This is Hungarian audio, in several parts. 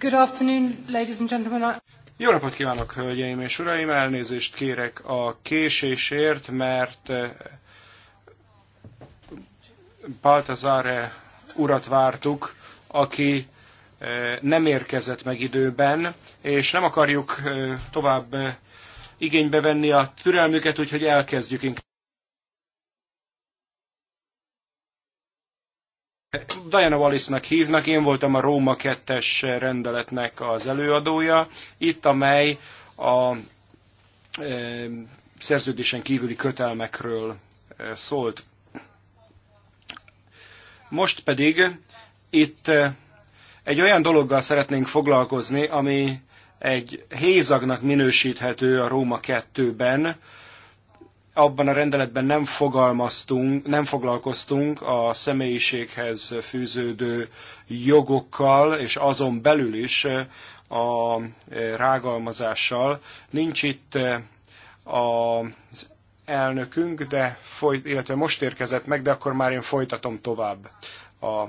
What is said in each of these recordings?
Good afternoon, ladies and gentlemen. Jó napot kívánok, hölgyeim és uraim! Elnézést kérek a késésért, mert eh, Baltazare urat vártuk, aki eh, nem érkezett meg időben, és nem akarjuk eh, tovább igénybe venni a türelmüket, úgyhogy elkezdjük inkább. Diana Wallace-nak hívnak, én voltam a Róma 2-es rendeletnek az előadója, itt amely a e, szerződésen kívüli kötelmekről szólt. Most pedig itt egy olyan dologgal szeretnénk foglalkozni, ami egy hézagnak minősíthető a Róma 2-ben, abban a rendeletben nem fogalmaztunk, nem foglalkoztunk a személyiséghez fűződő jogokkal, és azon belül is a rágalmazással. Nincs itt az elnökünk, de folyt, illetve most érkezett meg, de akkor már én folytatom tovább a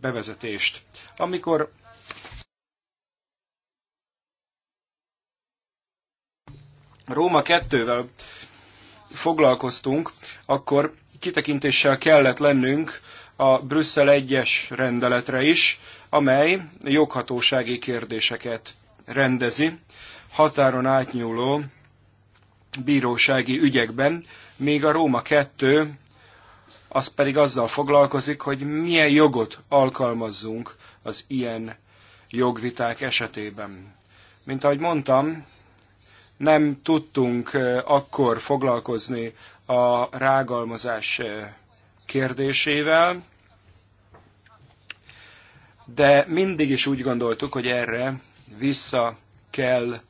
bevezetést. Amikor Róma 2-vel foglalkoztunk, akkor kitekintéssel kellett lennünk a Brüsszel 1-es rendeletre is, amely joghatósági kérdéseket rendezi határon átnyúló bírósági ügyekben, még a Róma 2 az pedig azzal foglalkozik, hogy milyen jogot alkalmazzunk az ilyen jogviták esetében. Mint ahogy mondtam, nem tudtunk akkor foglalkozni a rágalmazás kérdésével, de mindig is úgy gondoltuk, hogy erre vissza kell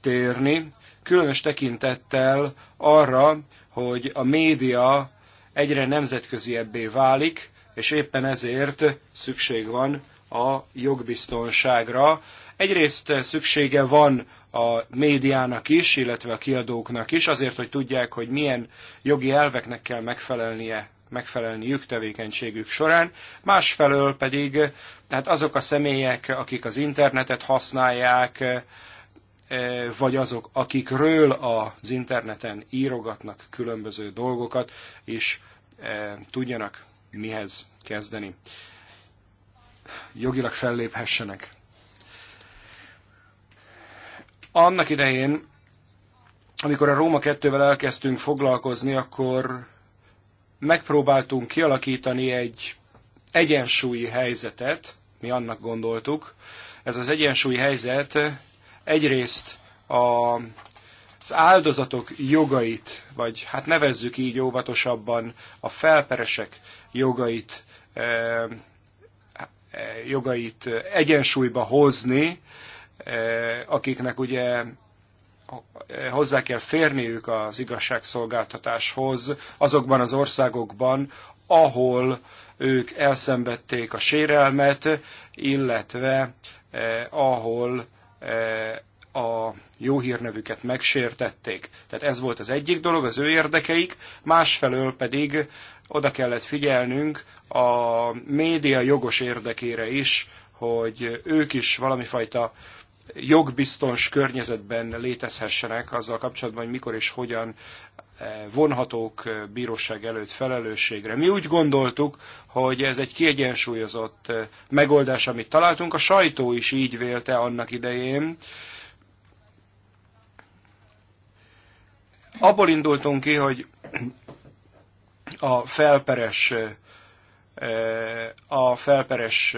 térni, különös tekintettel arra, hogy a média egyre nemzetköziebbé válik, és éppen ezért szükség van a jogbiztonságra. Egyrészt szüksége van a médiának is, illetve a kiadóknak is, azért, hogy tudják, hogy milyen jogi elveknek kell megfelelnie megfelelniük tevékenységük során, másfelől pedig tehát azok a személyek, akik az internetet használják, e, vagy azok, akikről az interneten írogatnak különböző dolgokat, és e, tudjanak mihez kezdeni. Jogilag felléphessenek. Annak idején, amikor a Róma 2-vel elkezdtünk foglalkozni, akkor megpróbáltunk kialakítani egy egyensúlyi helyzetet, mi annak gondoltuk. Ez az egyensúlyi helyzet egyrészt a, az áldozatok jogait, vagy hát nevezzük így óvatosabban a felperesek jogait, eh, eh, jogait egyensúlyba hozni, Eh, akiknek ugye hozzá kell férniük az igazságszolgáltatáshoz azokban az országokban, ahol ők elszenvedték a sérelmet, illetve eh, ahol eh, a jó hírnevüket megsértették. Tehát ez volt az egyik dolog, az ő érdekeik, másfelől pedig oda kellett figyelnünk a média jogos érdekére is, hogy ők is valamifajta jogbiztos környezetben létezhessenek azzal kapcsolatban, hogy mikor és hogyan eh, vonhatók eh, bíróság előtt felelősségre. Mi úgy gondoltuk, hogy ez egy kiegyensúlyozott eh, megoldás, amit találtunk. A sajtó is így vélte annak idején. Abból indultunk ki, hogy a felperes a felperes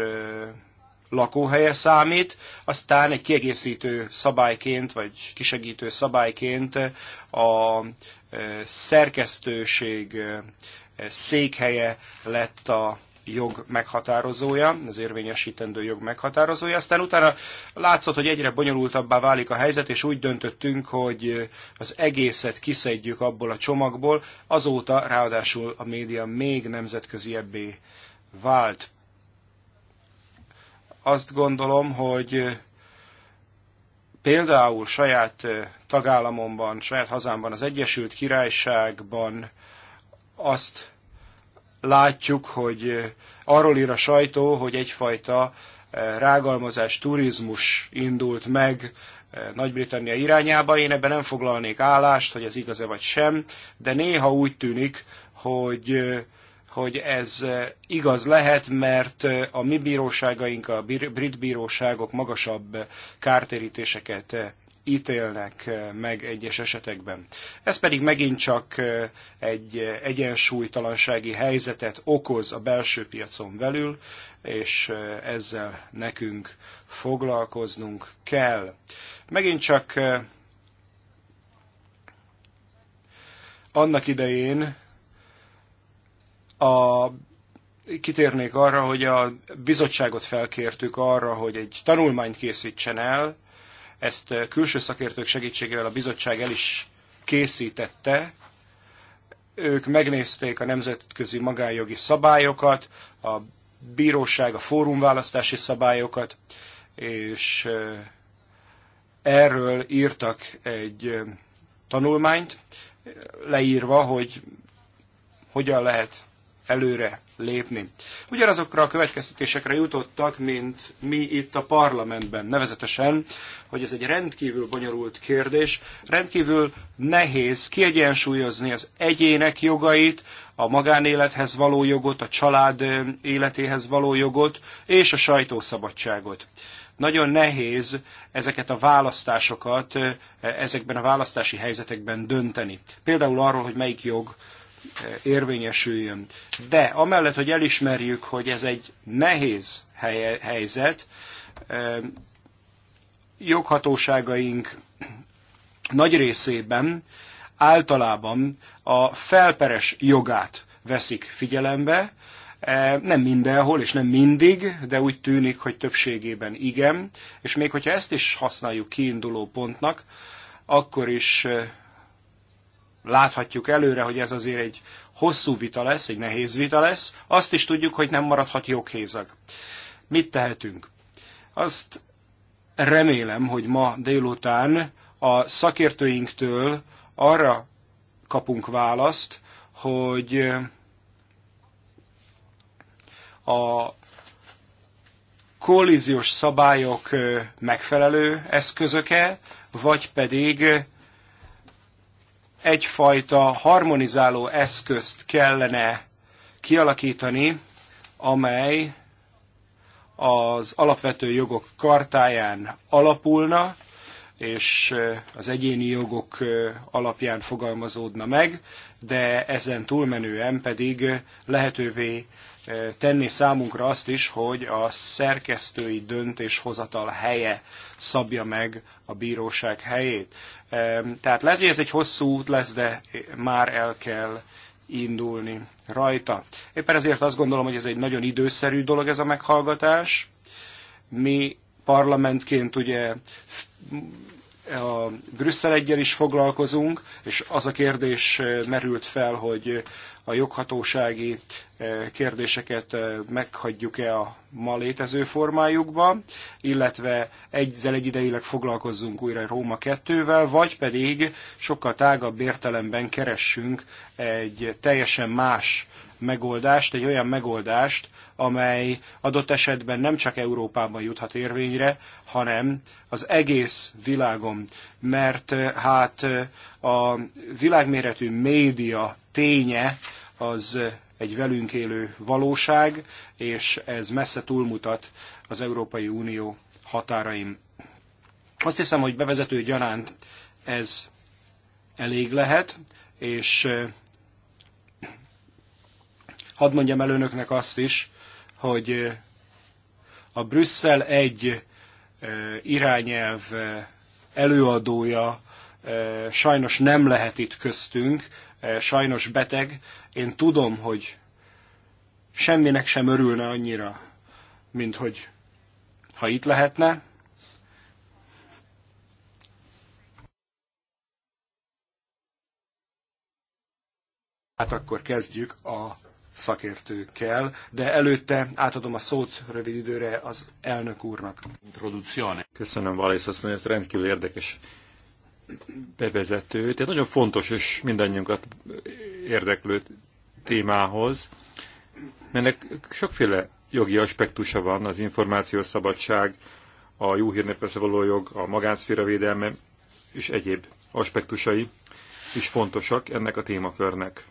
lakóhelye számít, aztán egy kiegészítő szabályként, vagy kisegítő szabályként a e, szerkesztőség e, székhelye lett a jog meghatározója, az érvényesítendő jog meghatározója. Aztán utána látszott, hogy egyre bonyolultabbá válik a helyzet, és úgy döntöttünk, hogy az egészet kiszedjük abból a csomagból. Azóta ráadásul a média még nemzetközi ebbé vált azt gondolom, hogy például saját tagállamomban, saját hazámban, az Egyesült Királyságban azt látjuk, hogy arról ír a sajtó, hogy egyfajta rágalmazás, turizmus indult meg Nagy-Britannia irányába. Én ebben nem foglalnék állást, hogy ez igaz-e vagy sem, de néha úgy tűnik, hogy hogy ez eh, igaz lehet, mert eh, a mi bíróságaink, a brit bíróságok magasabb eh, kártérítéseket ítélnek meg egyes esetekben. Ez pedig megint csak egy egyensúlytalansági helyzetet okoz a belső piacon belül, és ezzel nekünk foglalkoznunk kell. Megint csak annak idején a kitérnék arra, hogy a bizottságot felkértük arra, hogy egy tanulmányt készítsen el, ezt eh, külső szakértők segítségével a bizottság el is készítette. Ők megnézték a nemzetközi magánjogi szabályokat, a bíróság, a fórumválasztási szabályokat, és eh, erről írtak egy eh, tanulmányt, leírva, hogy hogyan lehet előre lépni. Ugyanazokra a következtetésekre jutottak, mint mi itt a parlamentben, nevezetesen, hogy ez egy rendkívül bonyolult kérdés, rendkívül nehéz kiegyensúlyozni az egyének jogait, a magánélethez való jogot, a család életéhez való jogot és a sajtószabadságot nagyon nehéz ezeket a választásokat ezekben a választási helyzetekben dönteni. Például arról, hogy melyik jog érvényesüljön. De amellett, hogy elismerjük, hogy ez egy nehéz hely, helyzet, joghatóságaink nagy részében általában a felperes jogát veszik figyelembe, nem mindenhol és nem mindig, de úgy tűnik, hogy többségében igen, és még hogyha ezt is használjuk kiinduló pontnak, akkor is láthatjuk előre, hogy ez azért egy hosszú vita lesz, egy nehéz vita lesz, azt is tudjuk, hogy nem maradhat joghézag. Mit tehetünk? Azt remélem, hogy ma délután a szakértőinktől arra kapunk választ, hogy a kollíziós szabályok megfelelő eszközöke, vagy pedig egyfajta harmonizáló eszközt kellene kialakítani, amely az alapvető jogok kartáján alapulna, és az egyéni jogok alapján fogalmazódna meg, de ezen túlmenően pedig lehetővé tenni számunkra azt is, hogy a szerkesztői döntéshozatal helye szabja meg a bíróság helyét. Tehát lehet, hogy ez egy hosszú út lesz, de már el kell indulni rajta. Éppen ezért azt gondolom, hogy ez egy nagyon időszerű dolog ez a meghallgatás. Mi parlamentként ugye a Brüsszel egyel is foglalkozunk, és az a kérdés eh, merült fel, hogy a joghatósági eh, kérdéseket eh, meghagyjuk-e a ma létező formájukba, illetve egyzel egyidejileg foglalkozzunk újra Róma 2-vel, vagy pedig sokkal tágabb értelemben keressünk egy teljesen más megoldást, egy olyan megoldást, amely adott esetben nem csak Európában juthat érvényre, hanem az egész világon. Mert eh, hát eh, a világméretű média ténye az eh, egy velünk élő valóság, és ez messze túlmutat az Európai Unió határaim. Azt hiszem, hogy bevezető gyanánt ez elég lehet, és Hadd mondjam el önöknek azt is, hogy a Brüsszel egy irányelv előadója sajnos nem lehet itt köztünk, sajnos beteg. Én tudom, hogy semminek sem örülne annyira, mint hogy ha itt lehetne. Hát akkor kezdjük a szakértőkkel, de előtte átadom a szót rövid időre az elnök úrnak. Introduzione. Köszönöm, Valész, azt mondja, ez rendkívül érdekes bevezető. Tehát nagyon fontos és mindannyiunkat érdeklő témához, mert ennek sokféle jogi aspektusa van, az információszabadság, a jó hírnépveszre való jog, a magánszféra védelme és egyéb aspektusai is fontosak ennek a témakörnek.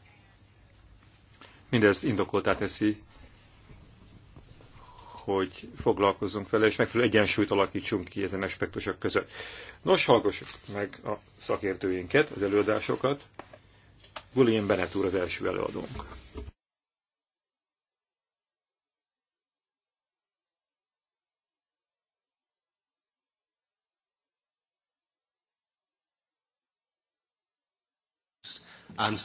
Mindez indokoltá teszi, hogy foglalkozzunk vele, és megfelelő egyensúlyt alakítsunk ki ezen aspektusok között. Nos, hallgassuk meg a szakértőinket, az előadásokat. William Bennett úr az első előadónk. and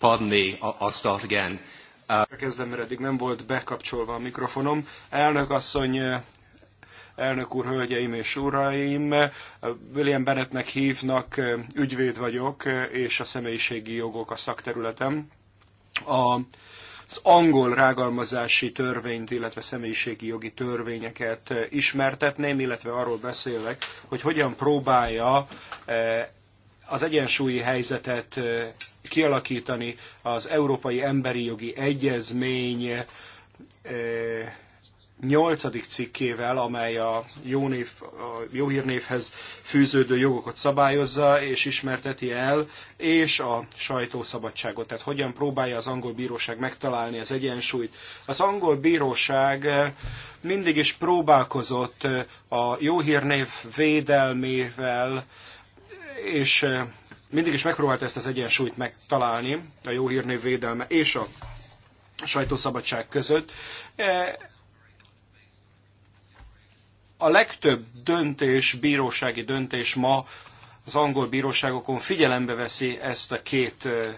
Pardon me, I'll start again. Uh... Kezdem, mert eddig nem volt bekapcsolva a mikrofonom. Elnök asszony, eh, elnök úr, hölgyeim és uraim, eh, William Bennettnek hívnak, eh, ügyvéd vagyok, és a személyiségi jogok a szakterületem. A, az angol rágalmazási törvényt, illetve személyiségi jogi törvényeket ismertetném, illetve arról beszélek, hogy hogyan próbálja az egyensúlyi helyzetet kialakítani az Európai Emberi Jogi Egyezmény nyolcadik cikkével, amely a jó, név, a jó hírnévhez fűződő jogokat szabályozza és ismerteti el, és a sajtószabadságot. Tehát hogyan próbálja az angol bíróság megtalálni az egyensúlyt. Az angol bíróság mindig is próbálkozott a jó hírnév védelmével, és eh, mindig is megpróbálta ezt az egyensúlyt megtalálni, a jó hírnév védelme és a sajtószabadság között. Eh, a legtöbb döntés, bírósági döntés ma az angol bíróságokon figyelembe veszi ezt a két eh,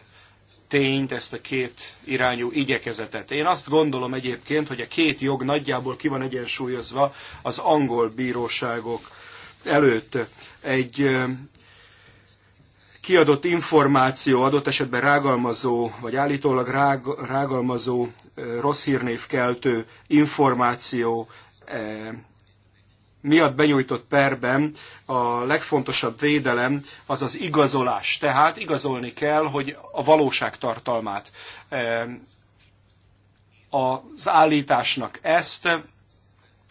tényt, ezt a két irányú igyekezetet. Én azt gondolom egyébként, hogy a két jog nagyjából ki van egyensúlyozva az angol bíróságok előtt. Egy kiadott információ adott esetben rágalmazó, vagy állítólag rág, rágalmazó, rossz hírnévkeltő információ miatt benyújtott perben a legfontosabb védelem az az igazolás. Tehát igazolni kell, hogy a valóság tartalmát az állításnak ezt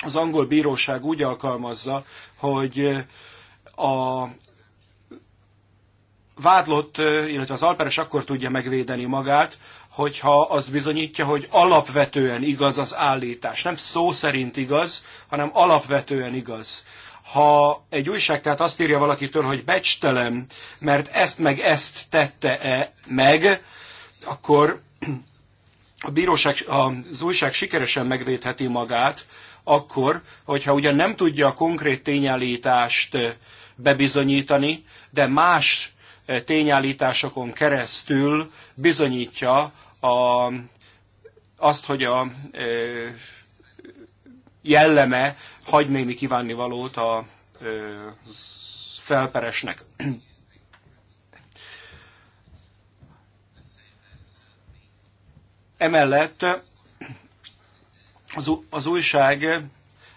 az angol bíróság úgy alkalmazza, hogy a vádlott, illetve az alperes akkor tudja megvédeni magát, hogyha az bizonyítja, hogy alapvetően igaz az állítás. Nem szó szerint igaz, hanem alapvetően igaz. Ha egy újság tehát azt írja valakitől, hogy becstelem, mert ezt meg ezt tette-e meg, akkor a bíróság, az újság sikeresen megvédheti magát, akkor, hogyha ugyan nem tudja a konkrét tényállítást bebizonyítani, de más tényállításokon keresztül bizonyítja a, azt, hogy a jelleme hagy némi kívánnivalót a felperesnek. Emellett az, az újság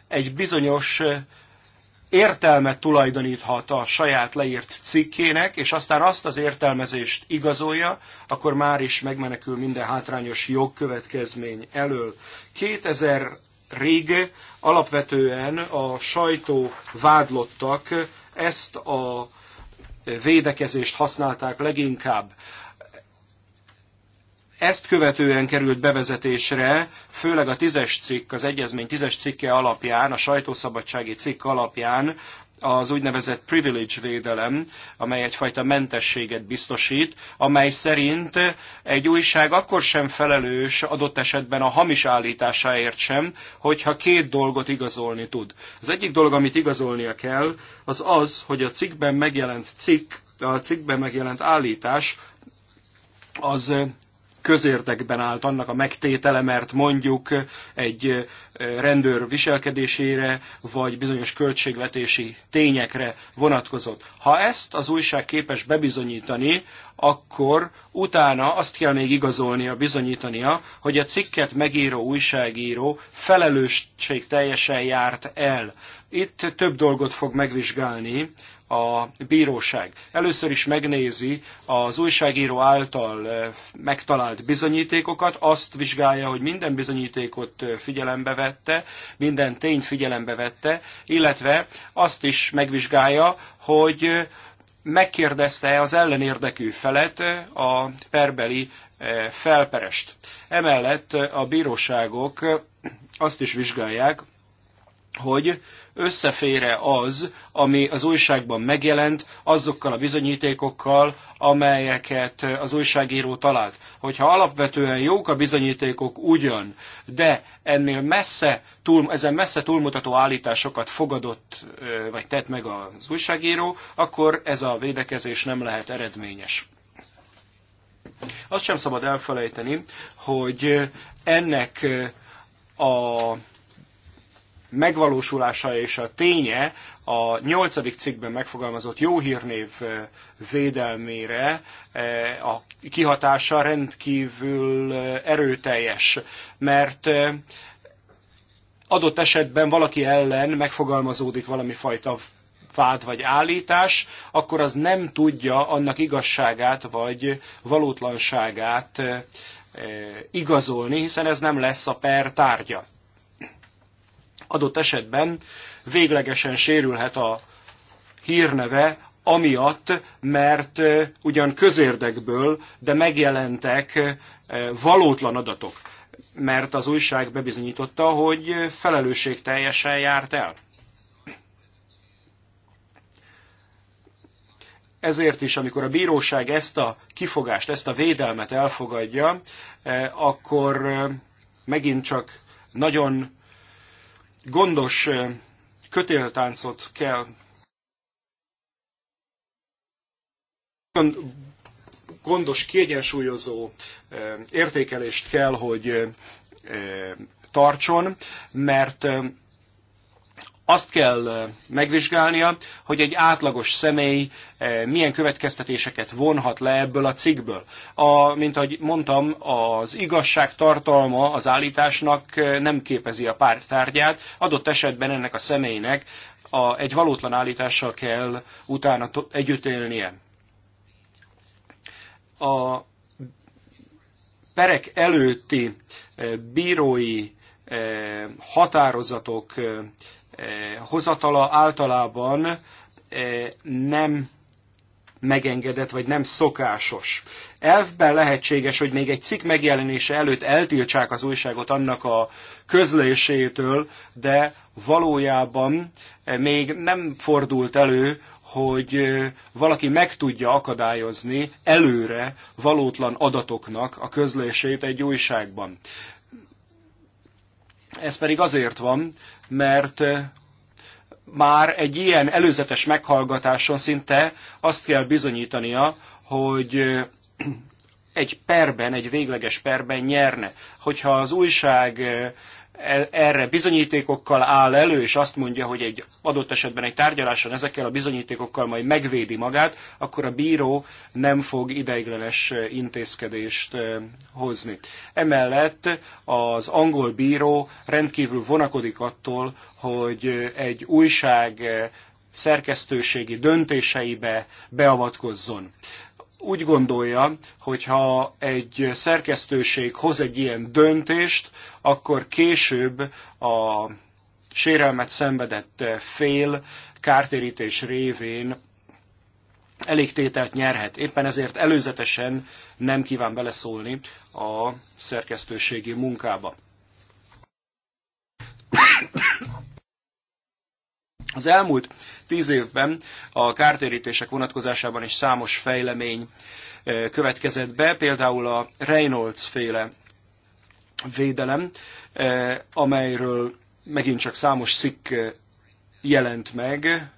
egy bizonyos értelmet tulajdoníthat a saját leírt cikkének, és aztán azt az értelmezést igazolja, akkor már is megmenekül minden hátrányos jogkövetkezmény elől. 2000 rég alapvetően a sajtó vádlottak ezt a védekezést használták leginkább ezt követően került bevezetésre, főleg a tízes cikk, az egyezmény tízes cikke alapján, a sajtószabadsági cikk alapján az úgynevezett privilege védelem, amely egyfajta mentességet biztosít, amely szerint egy újság akkor sem felelős adott esetben a hamis állításáért sem, hogyha két dolgot igazolni tud. Az egyik dolog, amit igazolnia kell, az az, hogy a cikkben megjelent cikk, a cikkben megjelent állítás az közérdekben állt annak a megtétele, mert mondjuk egy rendőr viselkedésére, vagy bizonyos költségvetési tényekre vonatkozott. Ha ezt az újság képes bebizonyítani, akkor utána azt kell még igazolnia, bizonyítania, hogy a cikket megíró újságíró felelősség teljesen járt el. Itt több dolgot fog megvizsgálni a bíróság. Először is megnézi az újságíró által eh, megtalált bizonyítékokat, azt vizsgálja, hogy minden bizonyítékot eh, figyelembe vette, minden tényt figyelembe vette, illetve azt is megvizsgálja, hogy eh, megkérdezte az ellenérdekű felet a perbeli felperest. Emellett a bíróságok azt is vizsgálják, hogy összefére az, ami az újságban megjelent, azokkal a bizonyítékokkal, amelyeket az újságíró talált. Hogyha alapvetően jók a bizonyítékok ugyan, de ennél messze, túl, ezen messze túlmutató állításokat fogadott, vagy tett meg az újságíró, akkor ez a védekezés nem lehet eredményes. Azt sem szabad elfelejteni, hogy ennek a megvalósulása és a ténye a nyolcadik cikkben megfogalmazott jó hírnév védelmére a kihatása rendkívül erőteljes, mert adott esetben valaki ellen megfogalmazódik valami fajta vád vagy állítás, akkor az nem tudja annak igazságát vagy valótlanságát igazolni, hiszen ez nem lesz a per tárgya adott esetben véglegesen sérülhet a hírneve, amiatt, mert ugyan közérdekből, de megjelentek valótlan adatok, mert az újság bebizonyította, hogy felelősség teljesen járt el. Ezért is, amikor a bíróság ezt a kifogást, ezt a védelmet elfogadja, akkor megint csak nagyon gondos kötéltáncot kell gondos, kiegyensúlyozó értékelést kell, hogy tartson, mert azt kell megvizsgálnia, hogy egy átlagos személy milyen következtetéseket vonhat le ebből a cikkből. A, mint ahogy mondtam, az igazság tartalma az állításnak nem képezi a pártárgyát, adott esetben ennek a személynek a, egy valótlan állítással kell utána együtt élnie. A perek előtti bírói határozatok Eh, hozatala általában eh, nem megengedett, vagy nem szokásos. Elfben lehetséges, hogy még egy cikk megjelenése előtt eltiltsák az újságot annak a közlésétől, de valójában eh, még nem fordult elő, hogy valaki meg tudja akadályozni előre valótlan adatoknak a közlését egy újságban. Ez pedig azért van, mert eh, már egy ilyen előzetes meghallgatáson szinte azt kell bizonyítania, hogy eh, egy perben, egy végleges perben nyerne. Hogyha az újság eh, E- erre bizonyítékokkal áll elő, és azt mondja, hogy egy adott esetben egy tárgyaláson ezekkel a bizonyítékokkal majd megvédi magát, akkor a bíró nem fog ideiglenes e, intézkedést e, hozni. Emellett az angol bíró rendkívül vonakodik attól, hogy egy újság szerkesztőségi döntéseibe beavatkozzon úgy gondolja, hogy ha egy szerkesztőség hoz egy ilyen döntést, akkor később a sérelmet szenvedett fél kártérítés révén elég tételt nyerhet. Éppen ezért előzetesen nem kíván beleszólni a szerkesztőségi munkába. Az elmúlt tíz évben a kártérítések vonatkozásában is számos fejlemény következett be, például a Reynolds féle védelem, amelyről megint csak számos cikk jelent meg,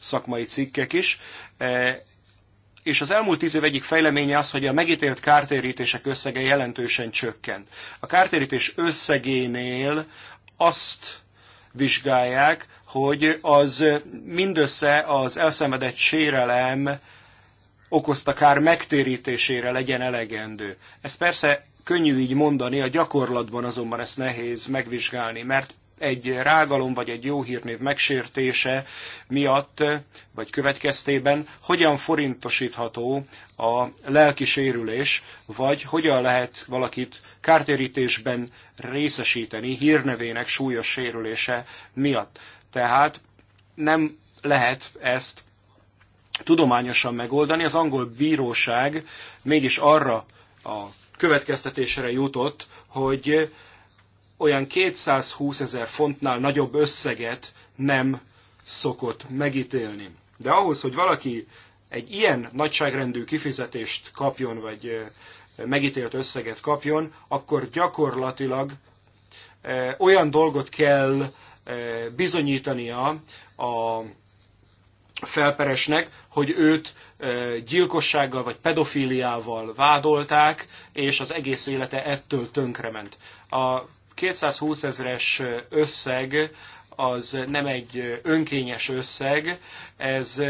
szakmai cikkek is, és az elmúlt tíz év egyik fejleménye az, hogy a megítélt kártérítések összege jelentősen csökkent. A kártérítés összegénél azt vizsgálják, hogy az mindössze az elszenvedett sérelem okozta kár megtérítésére legyen elegendő. Ez persze könnyű így mondani, a gyakorlatban azonban ezt nehéz megvizsgálni, mert egy rágalom vagy egy jó hírnév megsértése miatt, vagy következtében hogyan forintosítható a lelki sérülés, vagy hogyan lehet valakit kártérítésben részesíteni hírnevének súlyos sérülése miatt. Tehát nem lehet ezt tudományosan megoldani. Az angol bíróság mégis arra a következtetésre jutott, hogy olyan 220 ezer fontnál nagyobb összeget nem szokott megítélni. De ahhoz, hogy valaki egy ilyen nagyságrendű kifizetést kapjon, vagy megítélt összeget kapjon, akkor gyakorlatilag olyan dolgot kell bizonyítania a felperesnek, hogy őt gyilkossággal vagy pedofíliával vádolták, és az egész élete ettől tönkrement. A 220 ezres összeg az nem egy önkényes összeg, ez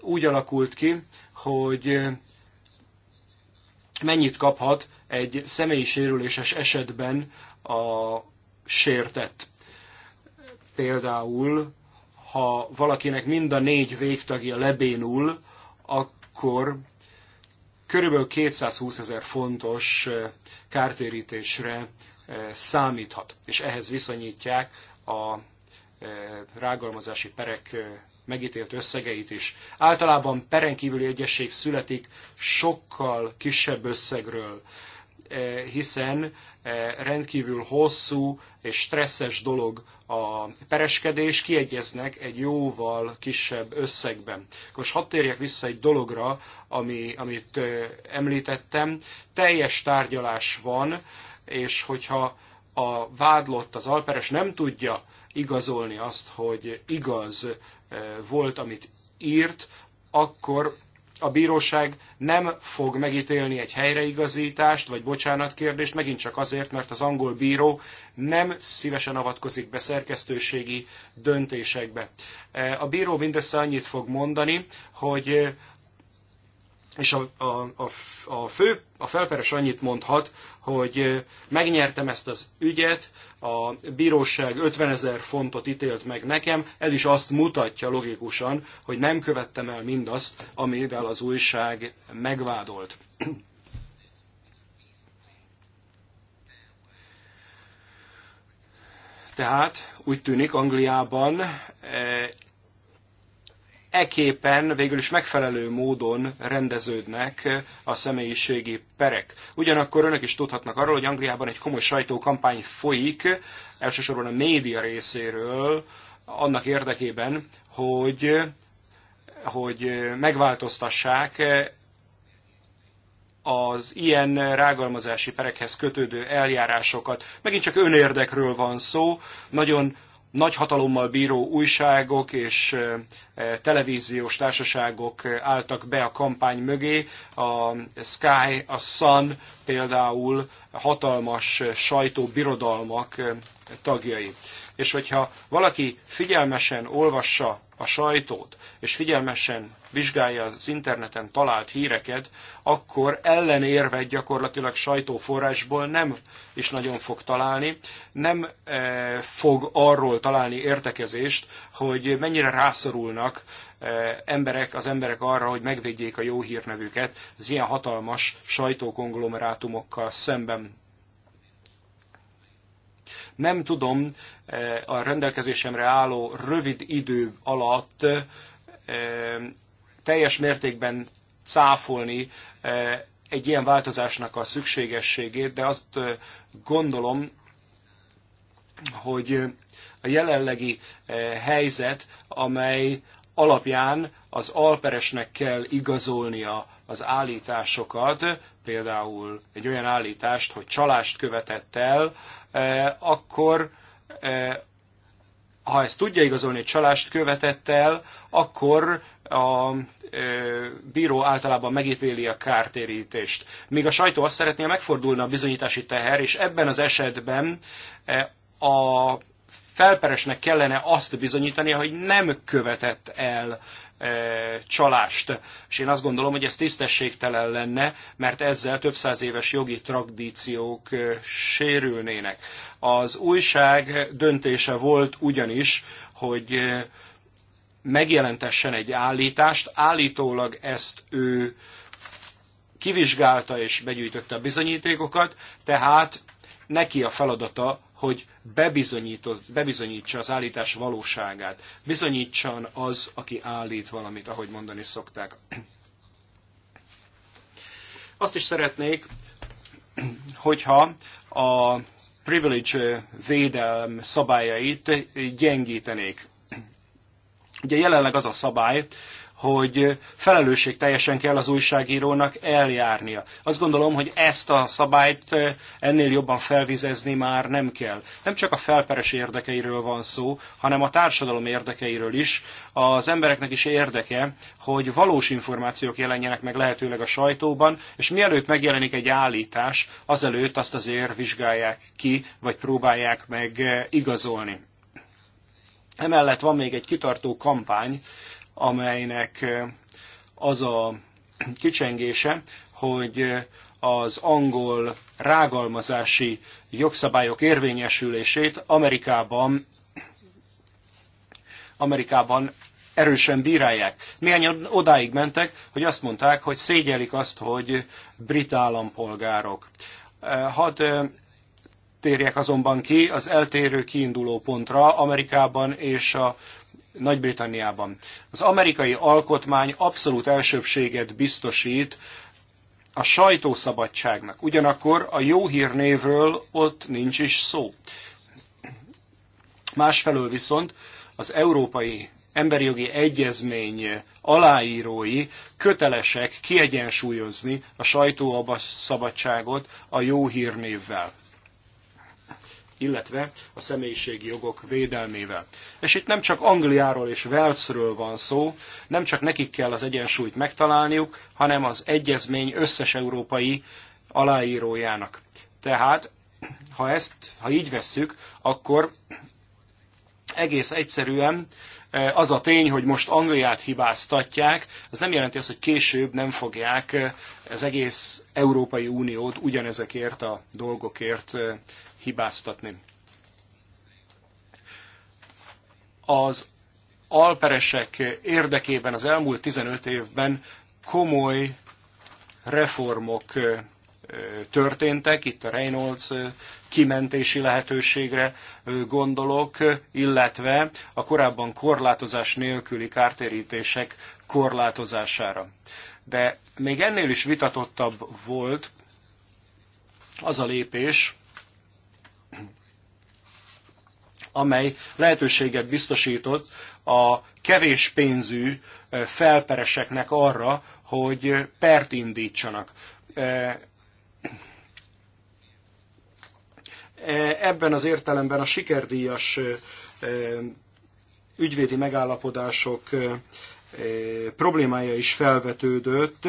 úgy alakult ki, hogy mennyit kaphat egy személyi sérüléses esetben a sértett. Például, ha valakinek mind a négy végtagja lebénul, akkor körülbelül 220 ezer fontos eh, kártérítésre eh, számíthat, és ehhez viszonyítják a eh, rágalmazási perek megítélt összegeit is. Általában peren kívüli egyesség születik sokkal kisebb összegről, hiszen E, rendkívül hosszú és stresszes dolog a pereskedés, kiegyeznek egy jóval kisebb összegben. Most hadd térjek vissza egy dologra, ami, amit e, említettem. Teljes tárgyalás van, és hogyha a vádlott, az alperes nem tudja igazolni azt, hogy igaz e, volt, amit írt, akkor a bíróság nem fog megítélni egy helyreigazítást vagy bocsánatkérdést, megint csak azért, mert az angol bíró nem szívesen avatkozik be szerkesztőségi döntésekbe. E, a bíró mindössze annyit fog mondani, hogy és a, a, a, a fő, a felperes annyit mondhat, hogy megnyertem ezt az ügyet, a bíróság 50 ezer fontot ítélt meg nekem, ez is azt mutatja logikusan, hogy nem követtem el mindazt, amivel az újság megvádolt. Tehát úgy tűnik Angliában eképen végül is megfelelő módon rendeződnek a személyiségi perek. Ugyanakkor önök is tudhatnak arról, hogy Angliában egy komoly sajtókampány folyik, elsősorban a média részéről, annak érdekében, hogy, hogy megváltoztassák az ilyen rágalmazási perekhez kötődő eljárásokat. Megint csak önérdekről van szó, nagyon nagy hatalommal bíró újságok és televíziós társaságok álltak be a kampány mögé. A Sky, a Sun például hatalmas sajtóbirodalmak tagjai. És hogyha valaki figyelmesen olvassa a sajtót, és figyelmesen vizsgálja az interneten talált híreket, akkor ellenérvet gyakorlatilag sajtóforrásból nem is nagyon fog találni, nem e, fog arról találni értekezést, hogy mennyire rászorulnak e, emberek, az emberek arra, hogy megvédjék a jó hírnevüket az ilyen hatalmas sajtókonglomerátumokkal szemben. Nem tudom, a rendelkezésemre álló rövid idő alatt eh, teljes mértékben cáfolni eh, egy ilyen változásnak a szükségességét, de azt eh, gondolom, hogy a jelenlegi helyzet, amely alapján az alperesnek kell igazolnia az állításokat, például egy olyan állítást, hogy csalást követett el, akkor Eh, ha ezt tudja igazolni, hogy csalást követett el, akkor a eh, bíró általában megítéli a kártérítést. Míg a sajtó azt szeretné, megfordulna a bizonyítási teher, és ebben az esetben eh, a felperesnek kellene azt bizonyítani, hogy nem követett el csalást. És én azt gondolom, hogy ez tisztességtelen lenne, mert ezzel több száz éves jogi tradíciók sérülnének. Az újság döntése volt ugyanis, hogy megjelentessen egy állítást, állítólag ezt ő kivizsgálta és begyűjtötte a bizonyítékokat, tehát neki a feladata, hogy bebizonyítsa az állítás valóságát. Bizonyítsan az, aki állít valamit, ahogy mondani szokták. Azt is szeretnék, hogyha a privilege védelm szabályait gyengítenék. Ugye jelenleg az a szabály, hogy felelősség teljesen kell az újságírónak eljárnia. Azt gondolom, hogy ezt a szabályt ennél jobban felvizezni már nem kell. Nem csak a felperes érdekeiről van szó, hanem a társadalom érdekeiről is. Az embereknek is érdeke, hogy valós információk jelenjenek meg lehetőleg a sajtóban, és mielőtt megjelenik egy állítás, azelőtt azt azért vizsgálják ki, vagy próbálják meg igazolni. Emellett van még egy kitartó kampány, amelynek az a kicsengése, hogy az angol rágalmazási jogszabályok érvényesülését Amerikában, Amerikában erősen bírálják. Milyen odáig mentek, hogy azt mondták, hogy szégyelik azt, hogy brit állampolgárok. Hadd térjek azonban ki az eltérő kiinduló pontra Amerikában és a nagy-Britanniában. Az amerikai alkotmány abszolút elsőbséget biztosít a sajtószabadságnak. Ugyanakkor a jó hírnévről ott nincs is szó. Másfelől viszont az Európai Emberi Jogi Egyezmény aláírói kötelesek kiegyensúlyozni a sajtószabadságot a jó hírnévvel illetve a személyiségi jogok védelmével. És itt nem csak Angliáról és Velszről van szó, nem csak nekik kell az egyensúlyt megtalálniuk, hanem az egyezmény összes európai aláírójának. Tehát, ha ezt, ha így vesszük, akkor egész egyszerűen e, az a tény, hogy most Angliát hibáztatják, az nem jelenti azt, hogy később nem fogják e, az egész Európai Uniót ugyanezekért a dolgokért e, hibáztatni. Az alperesek érdekében az elmúlt 15 évben komoly reformok történtek, itt a Reynolds kimentési lehetőségre gondolok, illetve a korábban korlátozás nélküli kártérítések korlátozására. De még ennél is vitatottabb volt az a lépés, amely lehetőséget biztosított a kevés pénzű felpereseknek arra, hogy pert indítsanak. E, ebben az értelemben a sikerdíjas ügyvédi megállapodások problémája is felvetődött.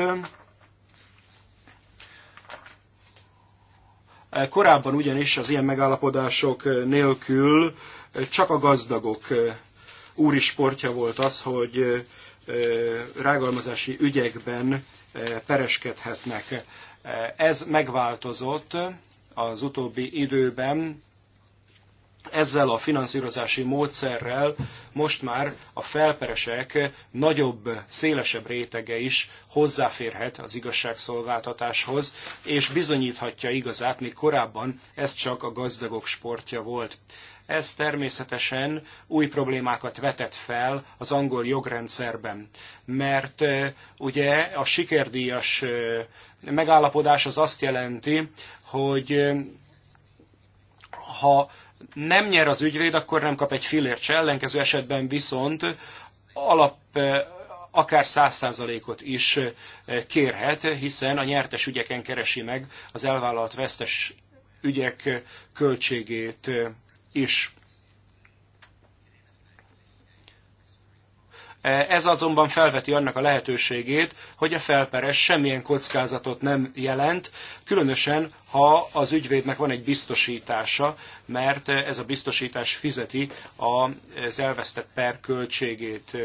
Korábban ugyanis az ilyen megállapodások nélkül csak a gazdagok úri sportja volt az, hogy rágalmazási ügyekben pereskedhetnek. Ez megváltozott az utóbbi időben, ezzel a finanszírozási módszerrel most már a felperesek nagyobb, szélesebb rétege is hozzáférhet az igazságszolgáltatáshoz, és bizonyíthatja igazát, még korábban ez csak a gazdagok sportja volt. Ez természetesen új problémákat vetett fel az angol jogrendszerben, mert eh, ugye a sikerdíjas eh, megállapodás az azt jelenti, hogy eh, ha nem nyer az ügyvéd, akkor nem kap egy fillért se, ellenkező esetben viszont alap, eh, akár száz százalékot is eh, kérhet, hiszen a nyertes ügyeken keresi meg az elvállalt vesztes ügyek eh, költségét is. Ez azonban felveti annak a lehetőségét, hogy a felperes semmilyen kockázatot nem jelent, különösen, ha az ügyvédnek van egy biztosítása, mert ez a biztosítás fizeti az elvesztett per költségét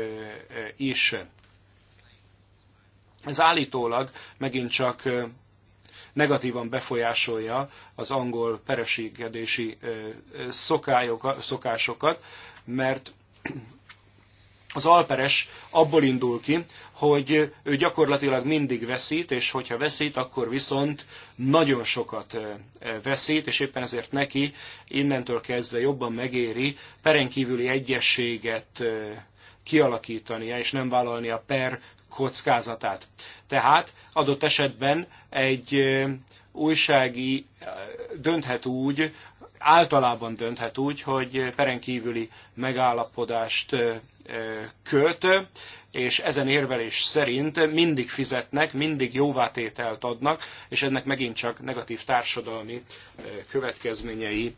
is. Ez állítólag megint csak negatívan befolyásolja az angol pereségedési szokásokat, mert az alperes abból indul ki, hogy ő gyakorlatilag mindig veszít, és hogyha veszít, akkor viszont nagyon sokat veszít, és éppen ezért neki innentől kezdve jobban megéri perenkívüli egyességet kialakítania, és nem vállalni a per kockázatát. Tehát adott esetben egy újsági dönthet úgy, általában dönthet úgy, hogy peren kívüli megállapodást köt, és ezen érvelés szerint mindig fizetnek, mindig jóvátételt adnak, és ennek megint csak negatív társadalmi következményei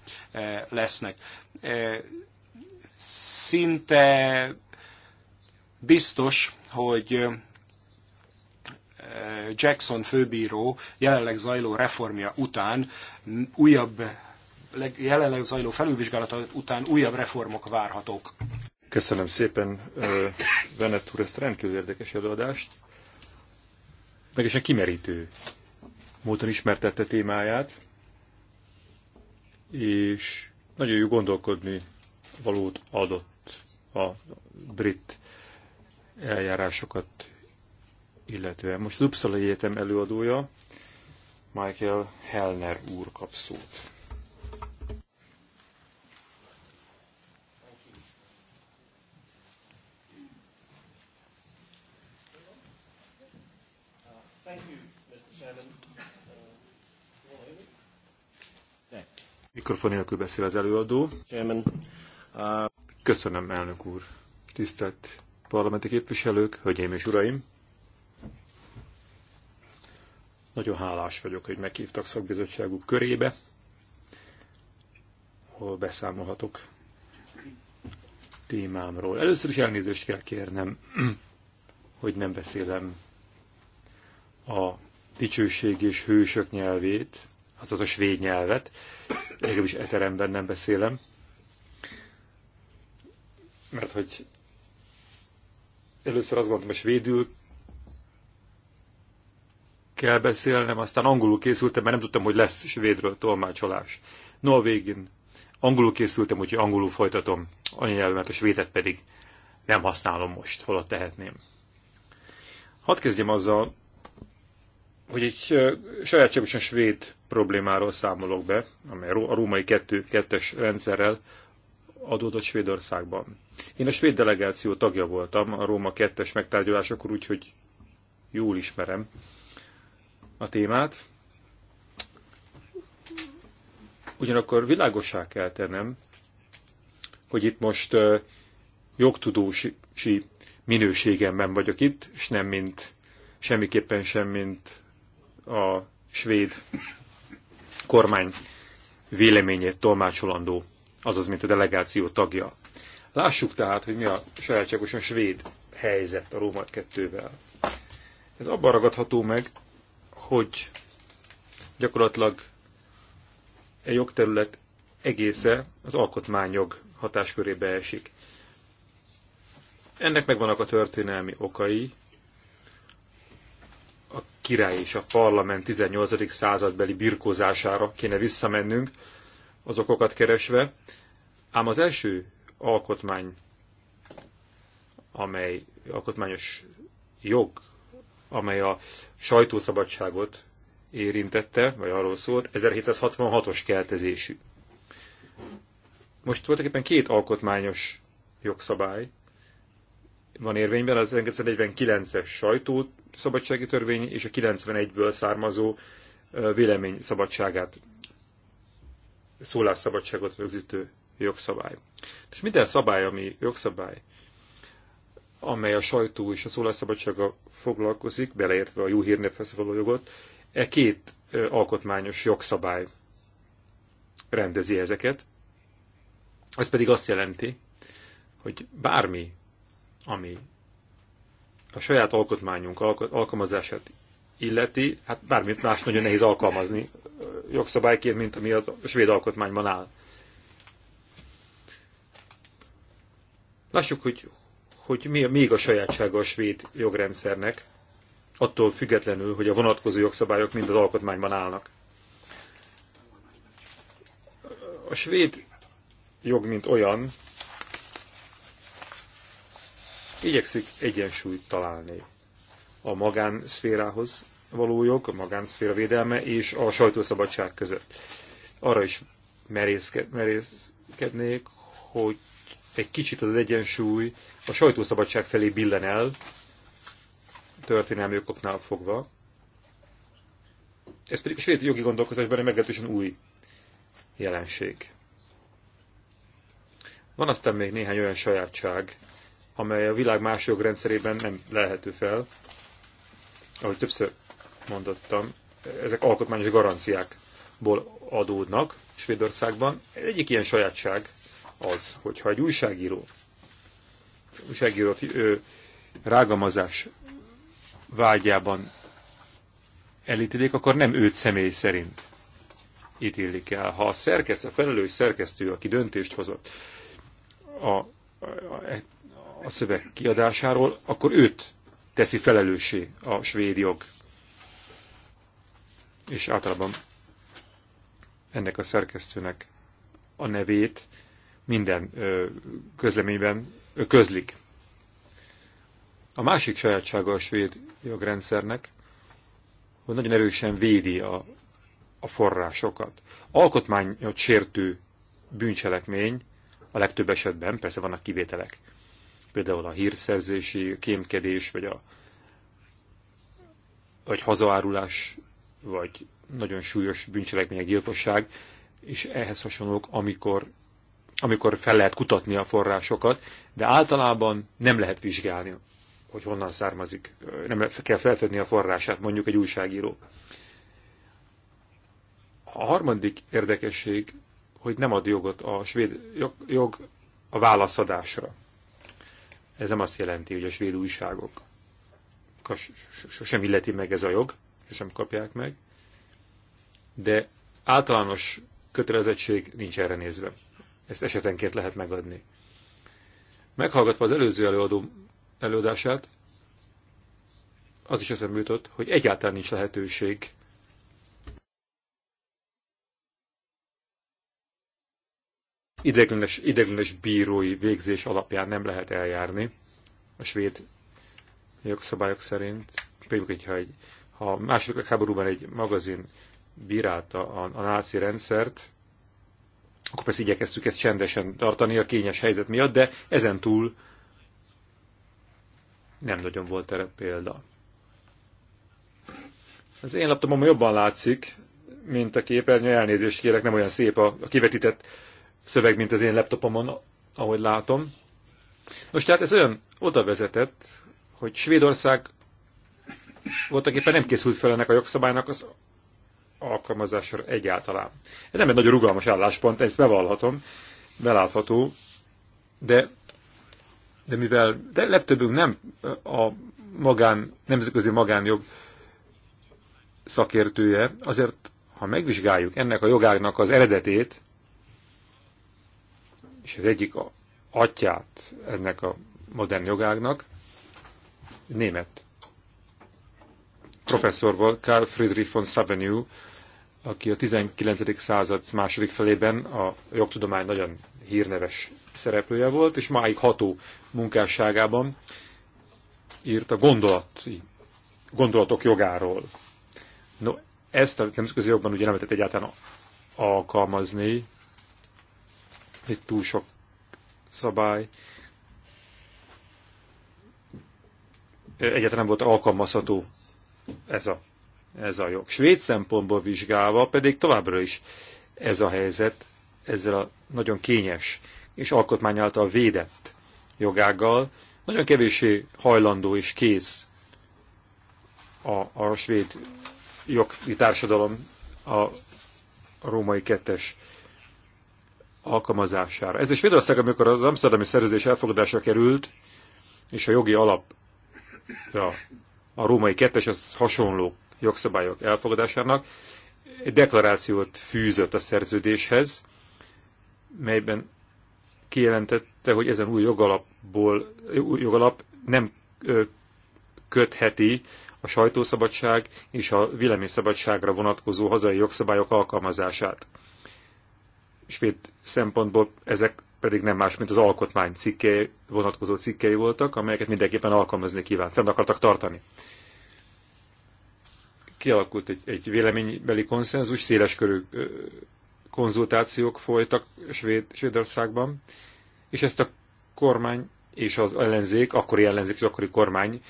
lesznek. Szinte biztos, hogy Jackson főbíró jelenleg zajló reformja után újabb jelenleg zajló felülvizsgálata után újabb reformok várhatók. Köszönöm szépen, Bennett úr, ezt rendkívül érdekes előadást. egy kimerítő módon ismertette témáját, és nagyon jó gondolkodni valót adott a brit eljárásokat illetően. Most az Uppsala Egyetem előadója, Michael Hellner úr kap szót. Mikrofon nélkül beszél az előadó. Uh, Köszönöm, elnök úr. Tisztelt parlamenti képviselők, hölgyeim és uraim! Nagyon hálás vagyok, hogy meghívtak szakbizottságuk körébe, ahol beszámolhatok témámról. Először is elnézést kell kérnem, hogy nem beszélem a dicsőség és hősök nyelvét, azaz a svéd nyelvet, legalábbis is e eteremben nem beszélem, mert hogy először azt gondoltam, hogy svédül kell beszélnem, aztán angolul készültem, mert nem tudtam, hogy lesz svédről tolmácsolás. No, a végén angolul készültem, úgyhogy angolul folytatom nyelvemet, a svédet pedig nem használom most, holott tehetném. Hadd kezdjem azzal, hogy egy sajátságosan svéd problémáról számolok be, amely a római 2 kettes es rendszerrel adódott Svédországban. Én a svéd delegáció tagja voltam a Róma 2-es megtárgyalásakor, úgyhogy jól ismerem a témát. Ugyanakkor világosá kell tennem, hogy itt most jogtudósi minőségemben vagyok itt, és nem mint semmiképpen sem, mint a svéd kormány véleményét tolmácsolandó, azaz mint a delegáció tagja. Lássuk tehát, hogy mi a sajátságosan svéd helyzet a Róma 2-vel. Ez abban ragadható meg, hogy gyakorlatilag egy jogterület egésze az alkotmányjog hatáskörébe esik. Ennek megvannak a történelmi okai, király és a parlament 18. századbeli birkózására kéne visszamennünk, az okokat keresve, ám az első alkotmány, amely alkotmányos jog, amely a sajtószabadságot érintette, vagy arról szólt, 1766-os keltezésű. Most voltaképpen két alkotmányos jogszabály van érvényben, az 1949-es szabadsági törvény és a 91-ből származó vélemény szabadságát, szólásszabadságot rögzítő jogszabály. És minden szabály, ami jogszabály, amely a sajtó és a szólásszabadsága foglalkozik, beleértve a jó hírnévhez való jogot, e két alkotmányos jogszabály rendezi ezeket. Ez pedig azt jelenti, hogy bármi ami a saját alkotmányunk alkalmazását illeti, hát bármit más nagyon nehéz alkalmazni jogszabályként, mint ami a svéd alkotmányban áll. Lássuk, hogy, hogy mi még a sajátsága a svéd jogrendszernek, attól függetlenül, hogy a vonatkozó jogszabályok mind az alkotmányban állnak. A svéd jog, mint olyan, igyekszik egyensúlyt találni a magánszférához való jog, a magánszféra védelme és a sajtószabadság között. Arra is merészke, merészkednék, hogy egy kicsit az egyensúly a sajtószabadság felé billen el, történelmi okoknál fogva. Ez pedig a svéd jogi gondolkozásban egy meglehetősen új jelenség. Van aztán még néhány olyan sajátság, amely a világ más jogrendszerében nem lehető fel. Ahogy többször mondottam, ezek alkotmányos garanciákból adódnak Svédországban. Egyik ilyen sajátság az, hogyha egy újságíró újságírót ő, rágamazás vágyában elítélik, akkor nem őt személy szerint ítélik el. Ha a szerkesztő, a felelős szerkesztő, aki döntést hozott, a, a, a a szöveg kiadásáról, akkor őt teszi felelőssé a svéd jog. És általában ennek a szerkesztőnek a nevét minden közleményben közlik. A másik sajátsága a svéd jogrendszernek, hogy nagyon erősen védi a, a forrásokat. Alkotmányot sértő bűncselekmény a legtöbb esetben, persze vannak kivételek, például a hírszerzési kémkedés, vagy a vagy hazaárulás, vagy nagyon súlyos bűncselekmények, gyilkosság, és ehhez hasonlók, amikor, amikor fel lehet kutatni a forrásokat, de általában nem lehet vizsgálni, hogy honnan származik, nem kell felfedni a forrását, mondjuk egy újságíró. A harmadik érdekesség, hogy nem ad jogot a svéd jog, jog a válaszadásra. Ez nem azt jelenti, hogy a svéd újságok sosem illeti meg ez a jog, sosem kapják meg, de általános kötelezettség nincs erre nézve. Ezt esetenként lehet megadni. Meghallgatva az előző előadó előadását, az is eszembe jutott, hogy egyáltalán nincs lehetőség ideglenes, ideglenes bírói végzés alapján nem lehet eljárni a svéd jogszabályok szerint. Például, hogyha egy, ha a második háborúban egy magazin bírálta a, a náci rendszert, akkor persze igyekeztük ezt csendesen tartani a kényes helyzet miatt, de ezen túl nem nagyon volt erre példa. Az én laptopom jobban látszik, mint a képernyő, elnézést kérek, nem olyan szép a, a kivetített szöveg, mint az én laptopomon, ahogy látom. Nos, tehát ez olyan oda vezetett, hogy Svédország voltak éppen nem készült fel ennek a jogszabálynak az alkalmazásra egyáltalán. Ez nem egy nagyon rugalmas álláspont, ezt bevallhatom, belátható, de, de mivel de legtöbbünk nem a magán, nemzetközi magánjog szakértője, azért ha megvizsgáljuk ennek a jogágnak az eredetét, és az egyik atyát ennek a modern jogágnak, német professzor volt, Karl Friedrich von Savenue, aki a 19. század második felében a jogtudomány nagyon hírneves szereplője volt, és máig ható munkásságában írt a gondolati, gondolatok jogáról. No, ezt a nemzetközi jogban ugye nem lehetett egyáltalán alkalmazni, egy túl sok szabály. egyetlen nem volt alkalmazható ez a, ez a jog. Svéd szempontból vizsgálva pedig továbbra is ez a helyzet ezzel a nagyon kényes és alkotmány által védett jogággal, nagyon kevésé hajlandó és kész a, a svéd jogi társadalom a, a római kettes alkalmazására. Ez is Svédország, amikor az Amsterdami szerződés elfogadásra került, és a jogi alap a, a római kettes, az hasonló jogszabályok elfogadásának, egy deklarációt fűzött a szerződéshez, melyben kijelentette, hogy ezen új jogalapból, új jogalap nem kötheti a sajtószabadság és a véleményszabadságra vonatkozó hazai jogszabályok alkalmazását svéd szempontból ezek pedig nem más, mint az alkotmány cikké, vonatkozó cikkei voltak, amelyeket mindenképpen alkalmazni kívánt, fenn akartak tartani. Kialakult egy, egy véleménybeli konszenzus, széleskörű konzultációk folytak Svéd, Svédországban, és ezt a kormány és az ellenzék, akkori ellenzék és akkori kormány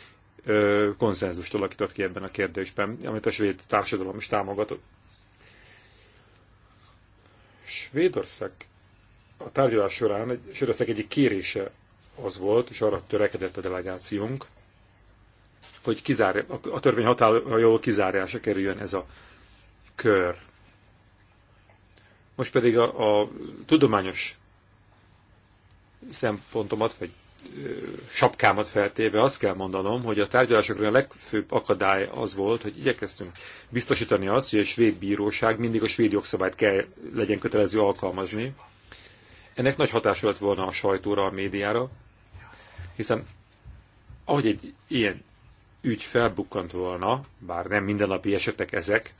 konszenzust alakított ki ebben a kérdésben, amit a svéd társadalom is támogatott. Svédország a tárgyalás során egy, Svédország egyik kérése az volt, és arra törekedett a delegációnk, hogy kizár, a törvény jól kizárása kerüljön ez a kör. Most pedig a, a tudományos szempontomat, vagy sapkámat feltéve azt kell mondanom, hogy a tárgyalásokra a legfőbb akadály az volt, hogy igyekeztünk biztosítani azt, hogy a svéd bíróság mindig a svéd jogszabályt kell legyen kötelező alkalmazni. Ennek nagy hatása lett volna a sajtóra, a médiára, hiszen ahogy egy ilyen ügy felbukkant volna, bár nem mindennapi esetek ezek,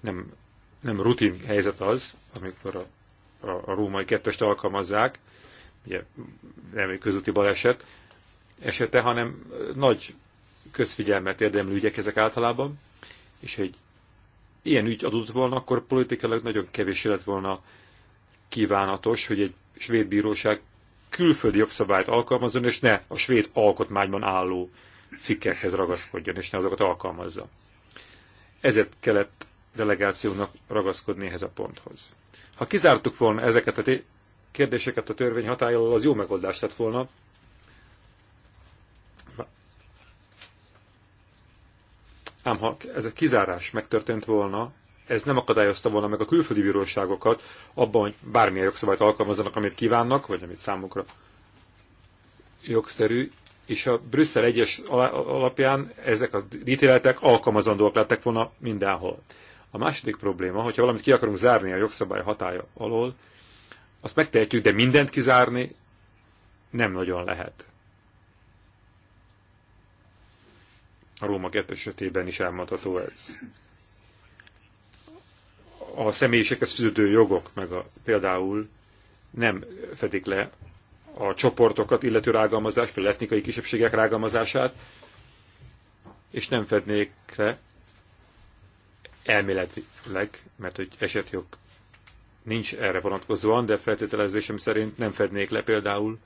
nem, nem rutin helyzet az, amikor a, a, a római kettest alkalmazzák, ugye nem egy közúti baleset esete, hanem nagy közfigyelmet érdemlő ügyek ezek általában, és egy ilyen ügy adott volna, akkor politikailag nagyon kevés lett volna kívánatos, hogy egy svéd bíróság külföldi jogszabályt alkalmazzon, és ne a svéd alkotmányban álló cikkekhez ragaszkodjon, és ne azokat alkalmazza. Ezért kellett delegációnak ragaszkodni ehhez a ponthoz. Ha kizártuk volna ezeket a kérdéseket a törvény hatájával, az jó megoldás lett volna. Ám ha ez a kizárás megtörtént volna, ez nem akadályozta volna meg a külföldi bíróságokat abban, hogy bármilyen jogszabályt alkalmazzanak, amit kívánnak, vagy amit számukra jogszerű, és a Brüsszel egyes alapján ezek a ítéletek alkalmazandóak lettek volna mindenhol. A második probléma, hogyha valamit ki akarunk zárni a jogszabály hatája alól, azt megtehetjük, de mindent kizárni nem nagyon lehet. A Róma 2 esetében is elmondható ez. A személyiséghez fűződő jogok, meg a, például nem fedik le a csoportokat illető rágalmazást, például etnikai kisebbségek rágalmazását, és nem fednék le elméletileg, mert hogy esetjog nincs erre vonatkozóan, de feltételezésem szerint nem fednék le például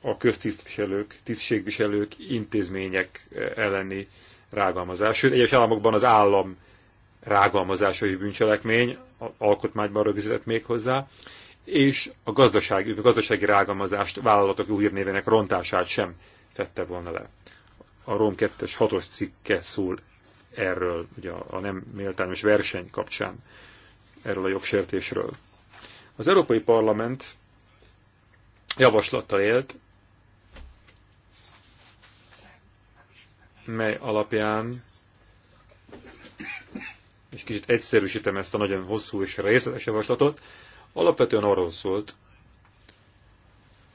a köztisztviselők, tisztségviselők, intézmények eh, elleni rágalmazás. Sőt, egyes államokban az állam rágalmazása is bűncselekmény, alkotmányban rögzített még hozzá, és a gazdasági, a gazdasági rágalmazást, vállalatok új névének rontását sem tette volna le. A Rom 2-es 6-os cikke szól erről, ugye a nem méltányos verseny kapcsán erről a jogsértésről. Az Európai Parlament javaslattal élt, mely alapján, és kicsit egyszerűsítem ezt a nagyon hosszú és részletes javaslatot, alapvetően arról szólt,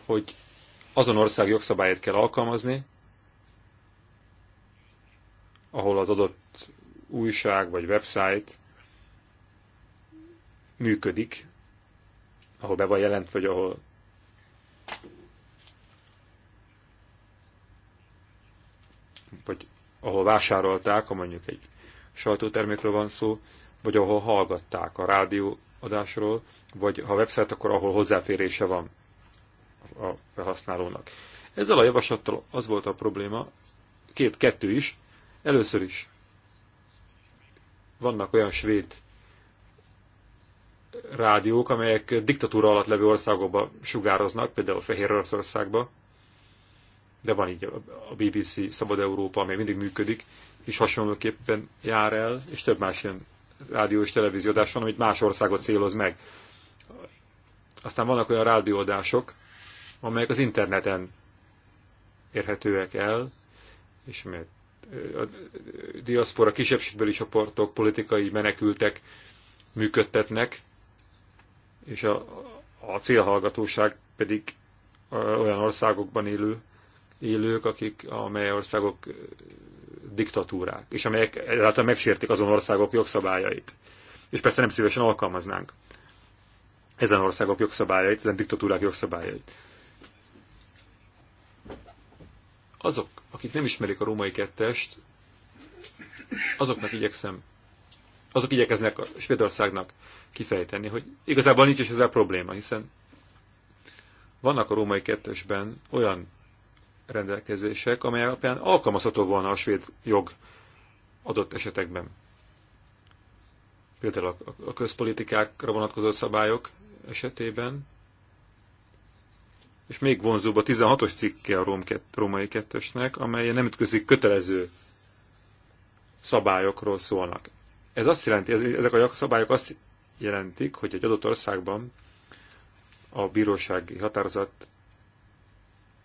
hogy azon ország jogszabályát kell alkalmazni, ahol az adott újság vagy website működik, ahol be van jelent, vagy ahol vagy ahol vásárolták, ha mondjuk egy sajtótermékről van szó, vagy ahol hallgatták a rádióadásról, vagy ha website, akkor ahol hozzáférése van a felhasználónak. Ezzel a javaslattal az volt a probléma, két-kettő is. Először is vannak olyan svéd rádiók, amelyek diktatúra alatt levő országokba sugároznak, például Fehér Oroszországba, de van így a BBC Szabad Európa, amely mindig működik, és hasonlóképpen jár el, és több más ilyen rádió és televízió adás van, amit más országot céloz meg. Aztán vannak olyan rádióadások, amelyek az interneten érhetőek el, és mert a diaszpora kisebbségbeli csoportok, politikai menekültek működtetnek, és a, a célhallgatóság pedig olyan országokban élő, élők, akik, amely országok diktatúrák, és amelyek ezáltal megsértik azon országok jogszabályait. És persze nem szívesen alkalmaznánk ezen országok jogszabályait, ezen diktatúrák jogszabályait. Azok, akik nem ismerik a római kettest, azoknak igyekszem azok igyekeznek a Svédországnak kifejteni, hogy igazából nincs is ezzel probléma, hiszen vannak a római kettesben olyan rendelkezések, amely alapján alkalmazható volna a svéd jog adott esetekben. Például a közpolitikákra vonatkozó szabályok esetében, és még vonzóbb a 16-os cikke a római kettesnek, amely nem ütközik kötelező szabályokról szólnak. Ez azt jelenti, ezek a jogszabályok azt jelentik, hogy egy adott országban a bírósági határozat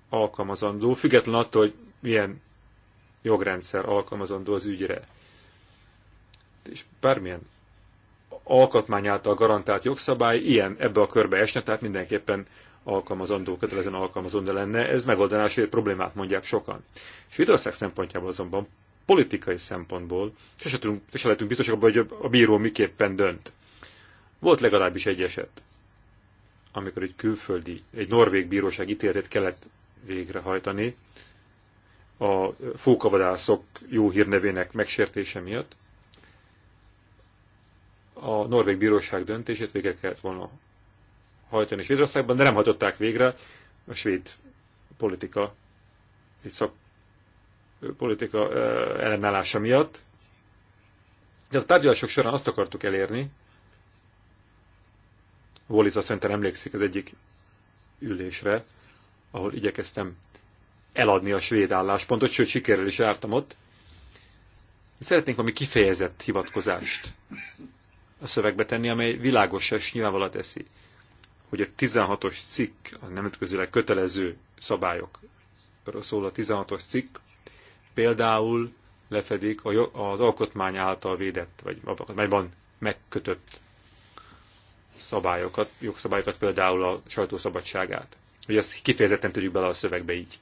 alkalmazandó, független attól, hogy milyen jogrendszer alkalmazandó az ügyre. És bármilyen alkotmány által garantált jogszabály ilyen ebbe a körbe esne, tehát mindenképpen alkalmazandó, kötelezően alkalmazandó lenne. Ez megoldaná a problémát, mondják sokan. Svédország szempontjából azonban politikai szempontból sose, tudunk, sose lehetünk biztosak abban, hogy a bíró miképpen dönt. Volt legalábbis egy eset, amikor egy külföldi, egy norvég bíróság ítéletét kellett végrehajtani a fókavadászok jó hírnevének megsértése miatt. A norvég bíróság döntését végre kellett volna hajtani Svédországban, de nem hajtották végre. A svéd politika egy szak politika ellenállása miatt. De a tárgyalások során azt akartuk elérni, Wallis azt szerintem emlékszik az egyik ülésre, ahol igyekeztem eladni a svéd álláspontot, sőt sikerrel is jártam ott. Szeretnénk valami kifejezett hivatkozást a szövegbe tenni, amely világos és nyilvánvalóan teszi, hogy a 16-os cikk, a nemzetközileg kötelező szabályokról szól a 16-os cikk, például lefedik az alkotmány által védett, vagy alkotmányban megkötött szabályokat, jogszabályokat, például a sajtószabadságát. Hogy ezt kifejezetten tudjuk bele a szövegbe így,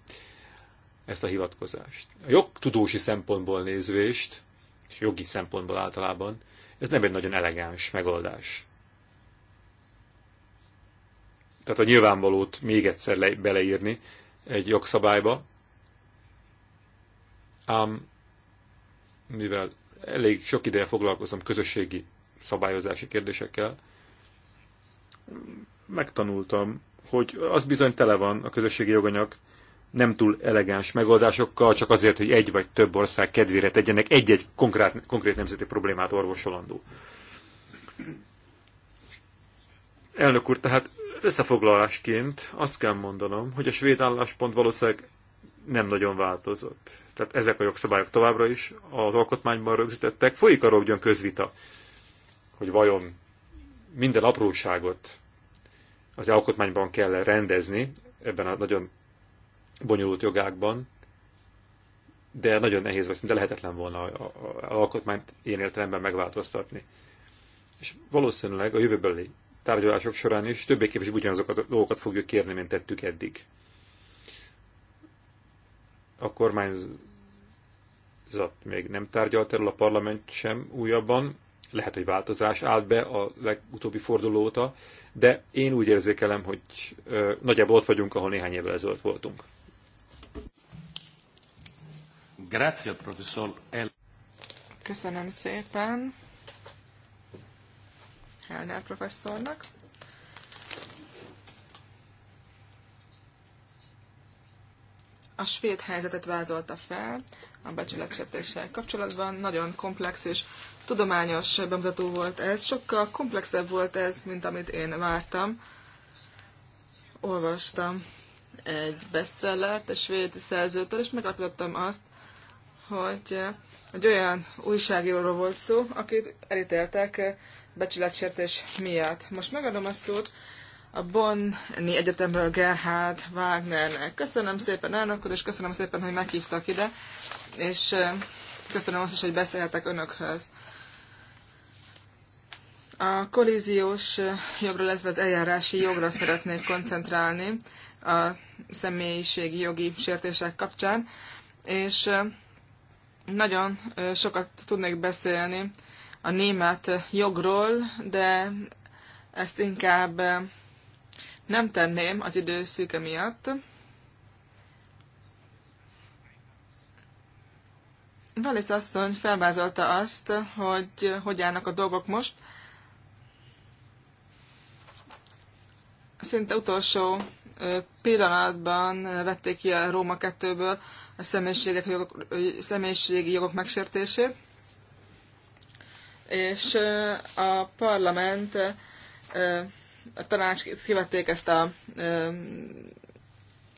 ezt a hivatkozást. A jogtudósi szempontból nézvést, és jogi szempontból általában, ez nem egy nagyon elegáns megoldás. Tehát a nyilvánvalót még egyszer beleírni egy jogszabályba, Ám mivel elég sok ideje foglalkozom közösségi szabályozási kérdésekkel, megtanultam, hogy az bizony tele van a közösségi joganyag nem túl elegáns megoldásokkal, csak azért, hogy egy vagy több ország kedvére tegyenek egy-egy konkrét, konkrét nemzeti problémát orvosolandó. Elnök úr, tehát összefoglalásként azt kell mondanom, hogy a svéd álláspont valószínűleg nem nagyon változott tehát ezek a jogszabályok továbbra is az alkotmányban rögzítettek. Folyik arról ugyan közvita, hogy vajon minden apróságot az alkotmányban kell -e rendezni, ebben a nagyon bonyolult jogákban, de nagyon nehéz, vagy szinte lehetetlen volna az alkotmányt ilyen értelemben megváltoztatni. És valószínűleg a jövőbeli tárgyalások során is többé-kevésbé ugyanazokat a dolgokat fogjuk kérni, mint tettük eddig a kormányzat még nem tárgyalt erről, a parlament sem újabban, lehet, hogy változás állt be a legutóbbi forduló óta, de én úgy érzékelem, hogy ö, nagyjából ott vagyunk, ahol néhány évvel ezelőtt voltunk. Grazie, professzor El. Köszönöm szépen Helner professzornak. a svéd helyzetet vázolta fel a becsületsértéssel kapcsolatban. Nagyon komplex és tudományos bemutató volt ez. Sokkal komplexebb volt ez, mint amit én vártam. Olvastam egy bestsellert, egy svéd szerzőtől, és meglapítottam azt, hogy egy olyan újságíróról volt szó, akit elítéltek becsületsértés miatt. Most megadom a szót a Bonni Egyetemről Gerhard Wagnernek. Köszönöm szépen elnök úr, és köszönöm szépen, hogy meghívtak ide, és köszönöm azt is, hogy beszélhetek önökhöz. A kolíziós jogra, illetve az eljárási jogra szeretnék koncentrálni a személyiségi jogi sértések kapcsán, és nagyon sokat tudnék beszélni a német jogról, de ezt inkább nem tenném az idő szűke miatt. Valisz asszony felvázolta azt, hogy hogy állnak a dolgok most. Szinte utolsó pillanatban vették ki a Róma 2-ből a személyiségek jogok, személyiségi jogok megsértését, és a parlament a tanács kivették ezt a ö,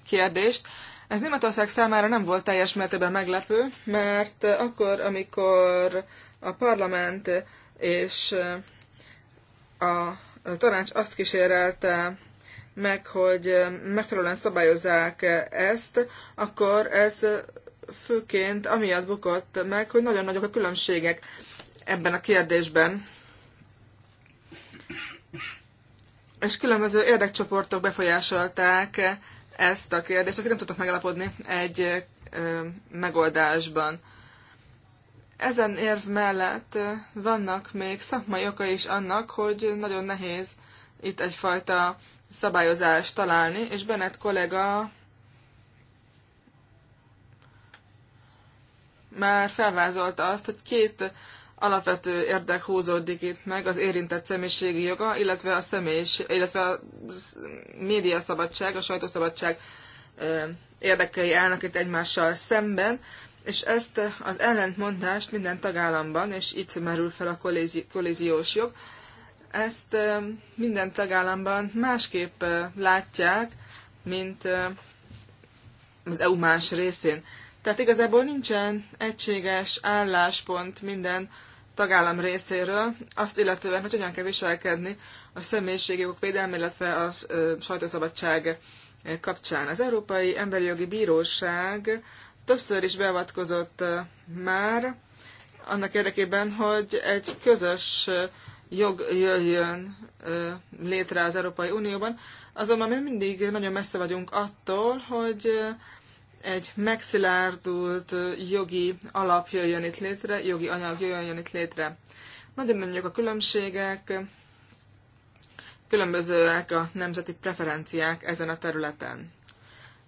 kérdést. Ez Németország számára nem volt teljes mértékben meglepő, mert akkor, amikor a parlament és a tanács azt kísérelte meg, hogy megfelelően szabályozzák ezt, akkor ez főként amiatt bukott meg, hogy nagyon nagyok a különbségek ebben a kérdésben és különböző érdekcsoportok befolyásolták ezt a kérdést, akik nem tudtak megállapodni egy megoldásban. Ezen érv mellett vannak még szakmai okai is annak, hogy nagyon nehéz itt egyfajta szabályozást találni, és Bennett kollega már felvázolta azt, hogy két alapvető érdek húzódik itt meg az érintett személyiségi joga, illetve a személyis, illetve a médiaszabadság, a sajtószabadság érdekei állnak itt egymással szemben, és ezt az ellentmondást minden tagállamban, és itt merül fel a kolléziós jog, ezt minden tagállamban másképp látják, mint az EU más részén. Tehát igazából nincsen egységes álláspont minden tagállam részéről, azt illetően, hogy hogyan kell viselkedni a jogok védelme, illetve a sajtószabadság kapcsán. Az Európai Emberi Jogi Bíróság többször is beavatkozott már annak érdekében, hogy egy közös jog jöjjön létre az Európai Unióban, azonban mi mindig nagyon messze vagyunk attól, hogy egy megszilárdult jogi alap jöjjön itt létre, jogi anyag jöjjön itt létre. Nagyon mondjuk a különbségek, különbözőek a nemzeti preferenciák ezen a területen.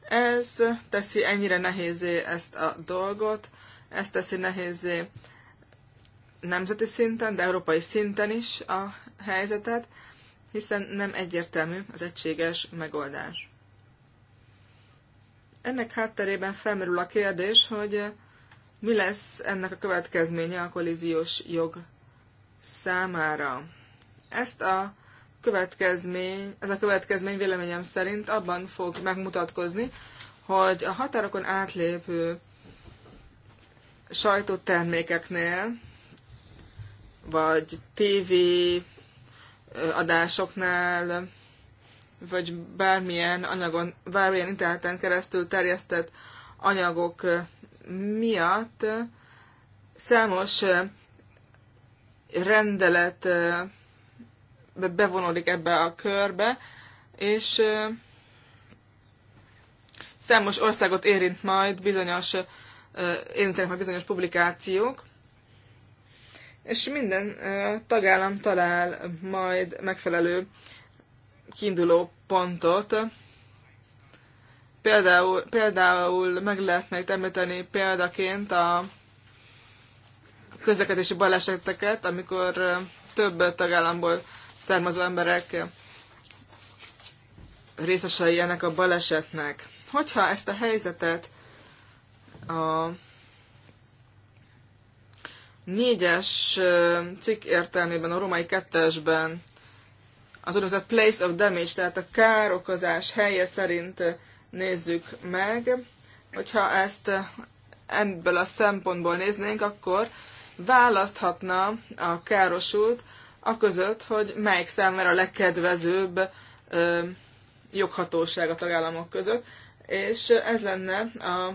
Ez teszi ennyire nehézé ezt a dolgot, ez teszi nehézé nemzeti szinten, de európai szinten is a helyzetet, hiszen nem egyértelmű az egységes megoldás. Ennek hátterében felmerül a kérdés, hogy mi lesz ennek a következménye a kolíziós jog számára. Ezt a következmény, ez a következmény véleményem szerint abban fog megmutatkozni, hogy a határokon átlépő sajtótermékeknél, vagy TV adásoknál, vagy bármilyen anyagon, bármilyen interneten keresztül terjesztett anyagok miatt számos rendelet bevonódik ebbe a körbe, és számos országot érint majd bizonyos, érintenek majd bizonyos publikációk, és minden tagállam talál majd megfelelő kiinduló pontot. Például, például meg lehetne itt említeni példaként a közlekedési baleseteket, amikor több tagállamból származó emberek részesei ennek a balesetnek. Hogyha ezt a helyzetet a négyes cikk értelmében, a romai kettesben az úgynevezett place of damage, tehát a károkozás helye szerint eh, nézzük meg. Hogyha ezt eh, ebből a szempontból néznénk, akkor választhatna a károsult a között, hogy melyik számára a legkedvezőbb ö, eh, joghatóság a tagállamok között, és ez lenne a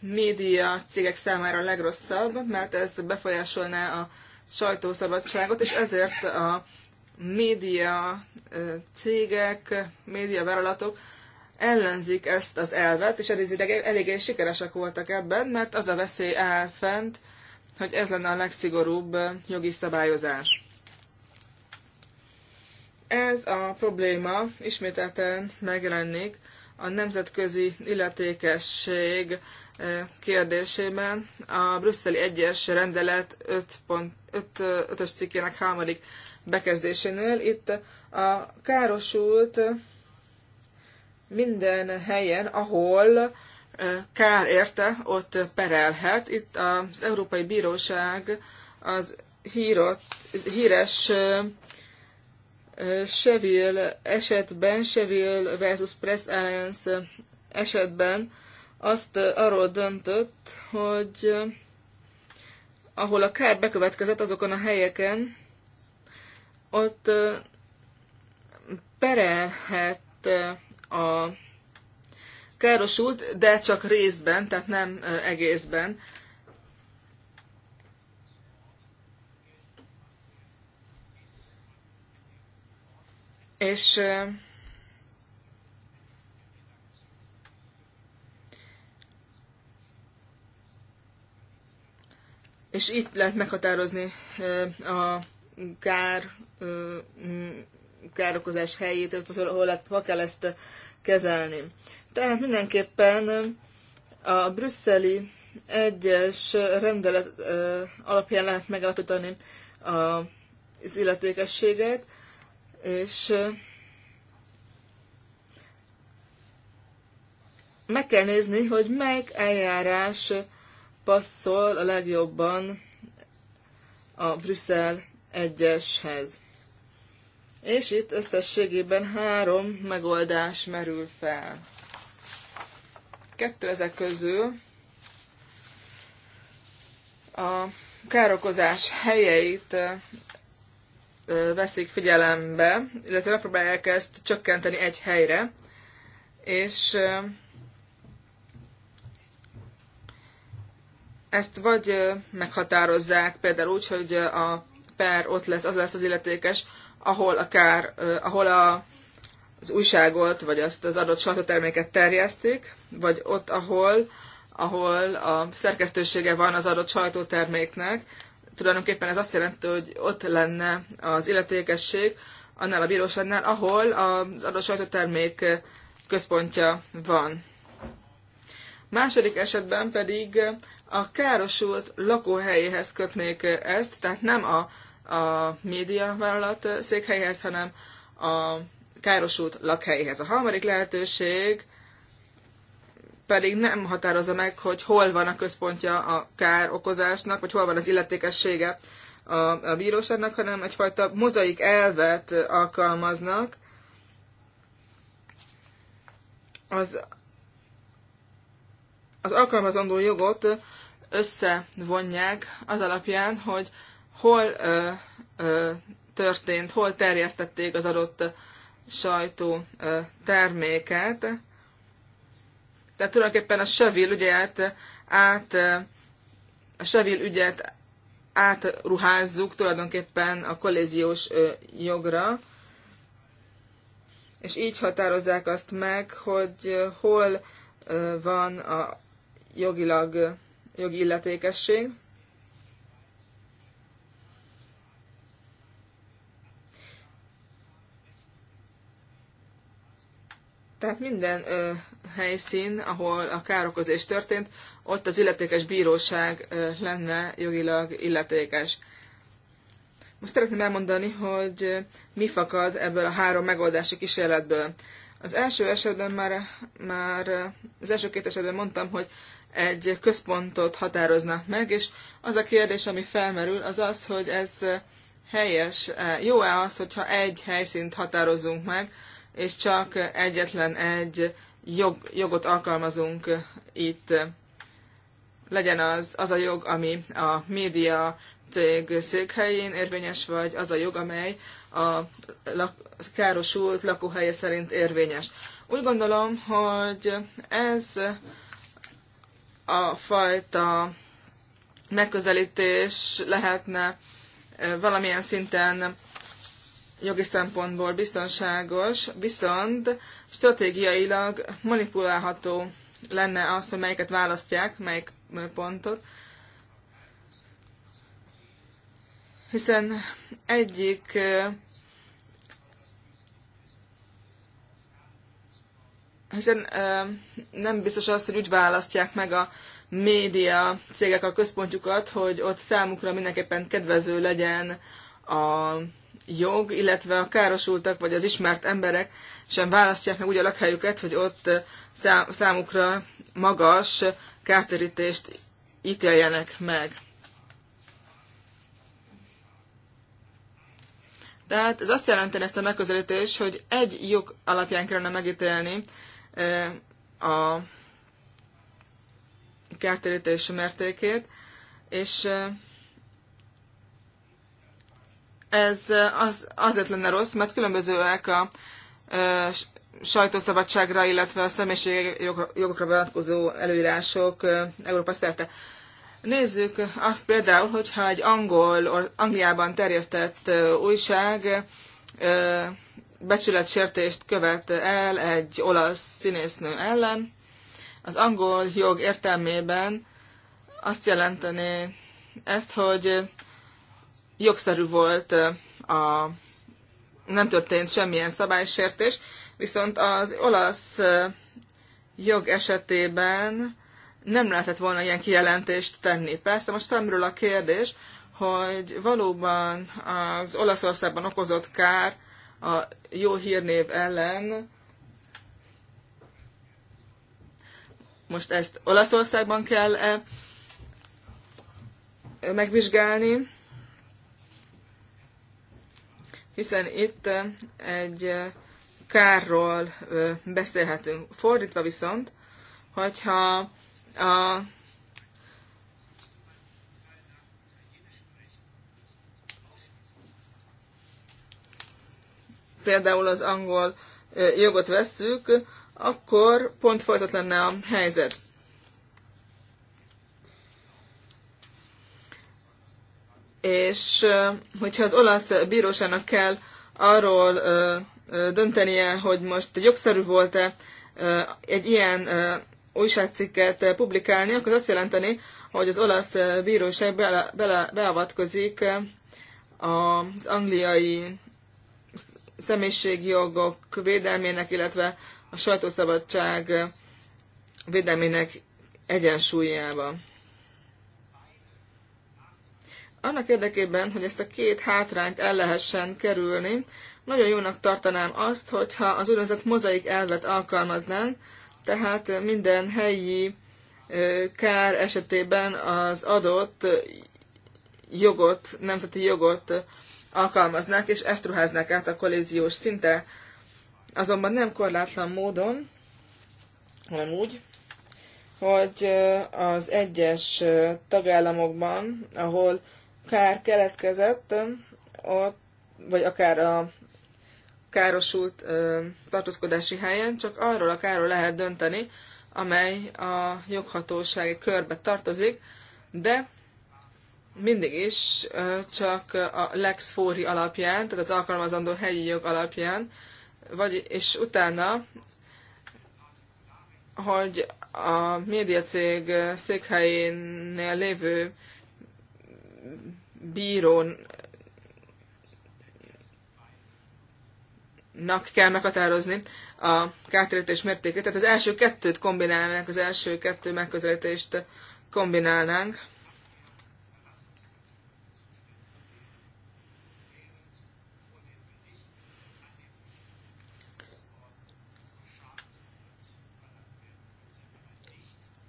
média cégek számára a legrosszabb, mert ez befolyásolná a sajtószabadságot, és ezért a média cégek, média vállalatok ellenzik ezt az elvet, és ez ideg eléggé sikeresek voltak ebben, mert az a veszély áll fent, hogy ez lenne a legszigorúbb jogi szabályozás. Ez a probléma ismételten megjelenik a nemzetközi illetékesség kérdésében a brüsszeli egyes rendelet 5.5-ös cikkének harmadik bekezdésénél. Itt a károsult minden helyen, ahol kár érte, ott perelhet. Itt az Európai Bíróság az hírot, híres Seville esetben, Seville versus Press Alliance esetben azt arról döntött, hogy ahol a kár bekövetkezett azokon a helyeken, ott perelhet a károsult, de csak részben, tehát nem egészben. És és itt lehet meghatározni a kár károkozás helyét, vagy hol, hol, hol kell ezt kezelni. Tehát mindenképpen a brüsszeli egyes rendelet alapján lehet megállapítani az illetékességet, és meg kell nézni, hogy melyik eljárás passzol a legjobban a Brüsszel egyeshez. És itt összességében három megoldás merül fel. Kettő ezek közül a károkozás helyeit veszik figyelembe, illetve megpróbálják ezt csökkenteni egy helyre, és ezt vagy meghatározzák például úgy, hogy a per ott lesz, az lesz az illetékes, ahol a kár, ahol a, az újságot, vagy azt az adott sajtóterméket terjesztik, vagy ott, ahol, ahol a szerkesztősége van az adott sajtóterméknek. Tulajdonképpen ez azt jelenti, hogy ott lenne az illetékesség annál a bíróságnál, ahol az adott sajtótermék központja van. Második esetben pedig a károsult lakóhelyéhez kötnék ezt, tehát nem a a médiavállalat székhelyhez, hanem a károsult lakhelyhez. A harmadik lehetőség pedig nem határozza meg, hogy hol van a központja a kár okozásnak, vagy hol van az illetékessége a, a bíróságnak, hanem egyfajta mozaik elvet alkalmaznak. Az, az alkalmazandó jogot összevonják az alapján, hogy hol ö, ö, történt, hol terjesztették az adott sajtó ö, terméket. Tehát tulajdonképpen a sevil ügyet át, a sevil ügyet átruházzuk tulajdonképpen a kolléziós jogra, és így határozzák azt meg, hogy hol van a jogilag jogi illetékesség. Tehát minden ö, helyszín, ahol a károkozás történt, ott az illetékes bíróság ö, lenne jogilag illetékes. Most szeretném elmondani, hogy mi fakad ebből a három megoldási kísérletből. Az első esetben már, már az első két esetben mondtam, hogy egy központot határoznak meg, és az a kérdés, ami felmerül, az az, hogy ez helyes, jó-e az, hogyha egy helyszínt határozzunk meg, és csak egyetlen egy jog, jogot alkalmazunk itt. Legyen az, az a jog, ami a média cég székhelyén érvényes, vagy az a jog, amely a lak, károsult lakóhelye szerint érvényes. Úgy gondolom, hogy ez a fajta megközelítés lehetne eh, valamilyen szinten jogi szempontból biztonságos, viszont stratégiailag manipulálható lenne az, hogy melyiket választják, melyik pontot. Hiszen egyik hiszen nem biztos az, hogy úgy választják meg a média cégek a központjukat, hogy ott számukra mindenképpen kedvező legyen a jog, illetve a károsultak vagy az ismert emberek sem választják meg úgy a lakhelyüket, hogy ott eh, számukra magas kártérítést ítéljenek meg. Tehát ez azt jelenti ezt a megközelítés, hogy egy jog alapján kellene megítélni eh, a kártérítés mértékét, és eh, ez az, azért lenne rossz, mert különbözőek a ö, sajtószabadságra, illetve a személyiségjogokra vonatkozó előírások Európa szerte. Nézzük azt például, hogyha egy angol, Angliában terjesztett újság ö, becsületsértést követ el egy olasz színésznő ellen, az angol jog értelmében azt jelenteni ezt, hogy jogszerű volt a nem történt semmilyen szabálysértés, viszont az olasz jog esetében nem lehetett volna ilyen kijelentést tenni. Persze most felmerül a kérdés, hogy valóban az Olaszországban okozott kár a jó hírnév ellen, most ezt Olaszországban kell -e megvizsgálni, hiszen itt egy kárról beszélhetünk. Fordítva viszont, hogyha a például az angol jogot vesszük, akkor pont folytat lenne a helyzet. és hogyha az olasz bíróságnak kell arról döntenie, hogy most jogszerű volt-e egy ilyen újságcikket publikálni, akkor az azt jelenteni, hogy az olasz bíróság beavatkozik az angliai személyiségjogok védelmének, illetve a sajtószabadság védelmének egyensúlyába. Annak érdekében, hogy ezt a két hátrányt el lehessen kerülni, nagyon jónak tartanám azt, hogyha az úgynevezett mozaik elvet alkalmaznánk, tehát minden helyi kár esetében az adott jogot, nemzeti jogot alkalmaznák, és ezt ruháznák át a kollíziós szinte. Azonban nem korlátlan módon, hanem úgy, hogy az egyes tagállamokban, ahol kár keletkezett, a, vagy akár a károsult ö, tartózkodási helyen, csak arról a káról lehet dönteni, amely a joghatósági körbe tartozik, de mindig is ö, csak a Lex Fóri alapján, tehát az alkalmazandó helyi jog alapján, vagy, és utána, hogy a médiacég székhelyénél lévő ...nak kell meghatározni a kártérítés mértékét. Tehát az első kettőt kombinálnánk, az első kettő megközelítést kombinálnánk.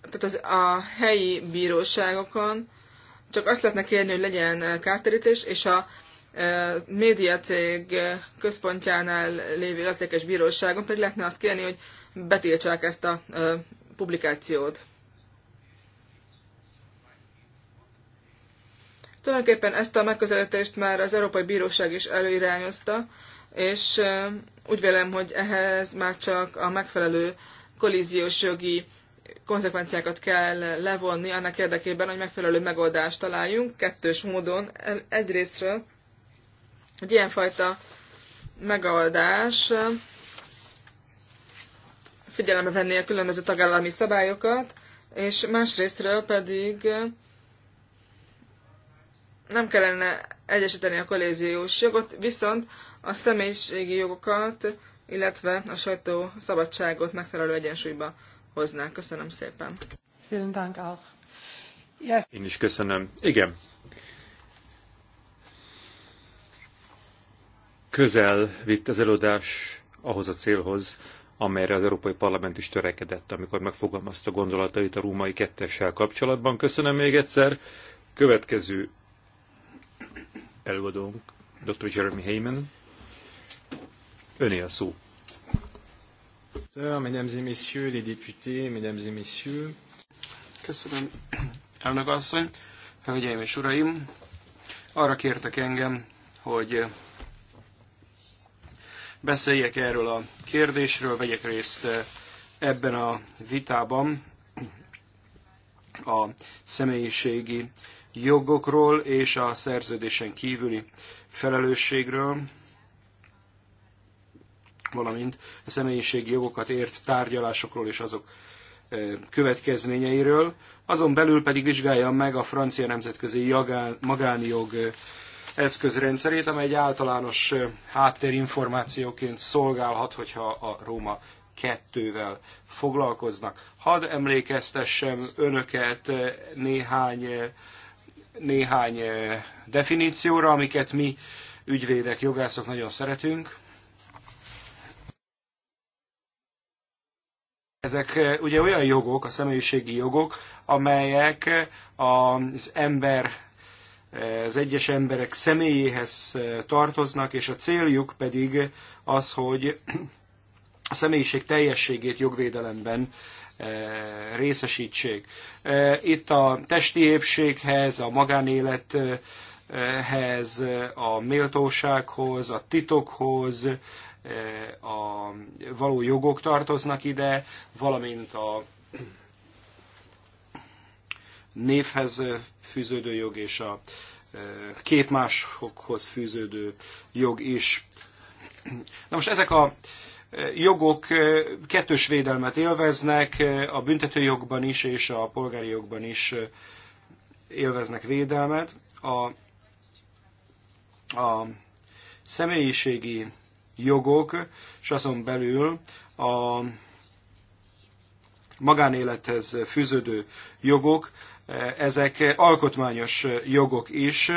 tehát az, a helyi bíróságokon csak azt lehetne kérni, hogy legyen eh, kártérítés, és a eh, médiacég eh, központjánál lévő illetékes bíróságon pedig lehetne azt kérni, hogy betiltsák ezt a publikációt. Tulajdonképpen ezt a megközelítést már az Európai Bíróság is előirányozta, és úgy vélem, hogy ehhez már csak a megfelelő kollíziós jogi konzekvenciákat kell levonni annak érdekében, hogy megfelelő megoldást találjunk kettős módon. Egyrésztről egy ilyenfajta megoldás figyelembe venni a különböző tagállami szabályokat, és másrésztről pedig nem kellene egyesíteni a kolléziós jogot, viszont a személyiségi jogokat, illetve a sajtó szabadságot megfelelő egyensúlyba hozná. Köszönöm szépen. Vielen Dank auch. Yes. Én is köszönöm. Igen. Közel vitt az előadás ahhoz a célhoz, amelyre az Európai Parlament is törekedett, amikor megfogalmazta gondolatait a római kettessel kapcsolatban. Köszönöm még egyszer. Következő előadónk, dr. Jeremy Heyman. Öné a szó. Mesdames et messieurs les députés, mesdames et messieurs. Köszönöm, elnök asszony, hölgyeim és uraim. Arra kértek engem, hogy beszéljek erről a kérdésről, vegyek részt eh, ebben a vitában a személyiségi jogokról és a szerződésen kívüli felelősségről valamint a személyiségi jogokat ért tárgyalásokról és azok e, következményeiről, azon belül pedig vizsgálja meg a francia nemzetközi magánjog e, eszközrendszerét, amely egy általános e, háttérinformációként szolgálhat, hogyha a Róma kettővel foglalkoznak. Hadd emlékeztessem önöket néhány, néhány definícióra, amiket mi ügyvédek, jogászok nagyon szeretünk. Ezek eh, ugye olyan jogok, a személyiségi jogok, amelyek eh, az ember, eh, az egyes emberek személyéhez tartoznak, és a céljuk pedig az, hogy a személyiség teljességét jogvédelemben részesítsék. Itt a testi épséghez, a magánélet ehhez, a méltósághoz, a titokhoz, eh, a való jogok tartoznak ide, valamint a névhez fűződő jog és a eh, képmásokhoz fűződő jog is. Na most ezek a eh, jogok kettős védelmet élveznek, a büntetőjogban is és a polgári jogban is élveznek védelmet. A a személyiségi jogok, és azon belül a magánélethez fűződő jogok, ezek alkotmányos jogok is.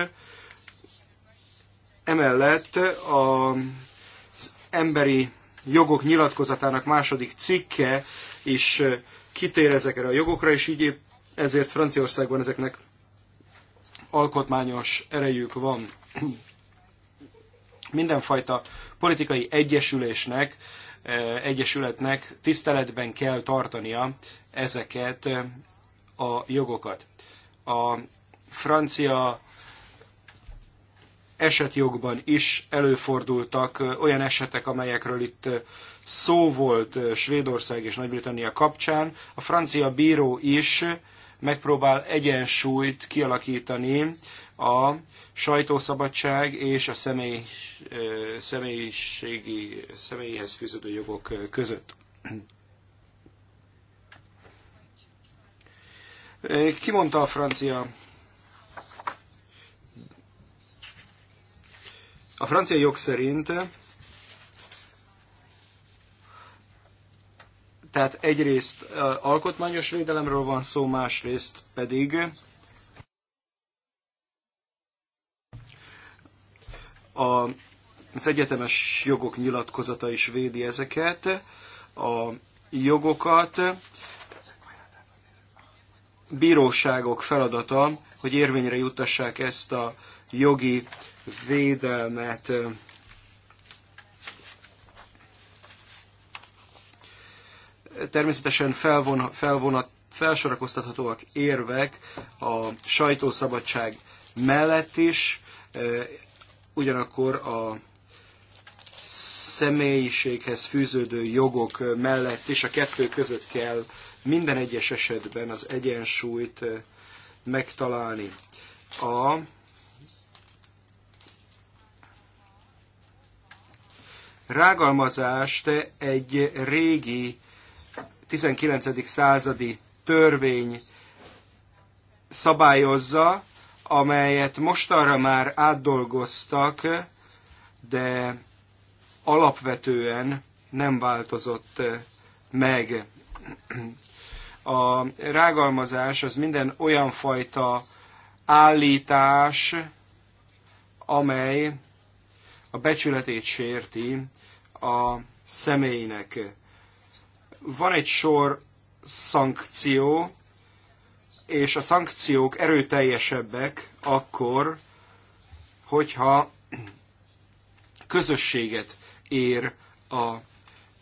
Emellett az emberi jogok nyilatkozatának második cikke is kitér ezekre a jogokra, és így ezért Franciaországban ezeknek alkotmányos erejük van mindenfajta politikai egyesülésnek, eh, egyesületnek tiszteletben kell tartania ezeket eh, a jogokat. A francia esetjogban is előfordultak eh, olyan esetek, amelyekről itt szó volt Svédország és Nagy-Britannia kapcsán. A francia bíró is megpróbál egyensúlyt kialakítani a sajtószabadság és a személy, személyiségi, személyhez fűződő jogok között. Kimondta a francia A francia jog szerint tehát egyrészt alkotmányos védelemről van szó, másrészt pedig A, az egyetemes jogok nyilatkozata is védi ezeket, a jogokat. Bíróságok feladata, hogy érvényre juttassák ezt a jogi védelmet. Természetesen felvon, felvonat, felsorakoztathatóak érvek a sajtószabadság mellett is, ugyanakkor a személyiséghez fűződő jogok mellett is a kettő között kell minden egyes esetben az egyensúlyt megtalálni. A rágalmazást egy régi 19. századi törvény szabályozza, amelyet mostanra már átdolgoztak, de alapvetően nem változott eh, meg. A rágalmazás az minden olyan fajta állítás, amely a becsületét sérti a személynek. Van egy sor szankció, és a szankciók erőteljesebbek akkor, hogyha közösséget ér a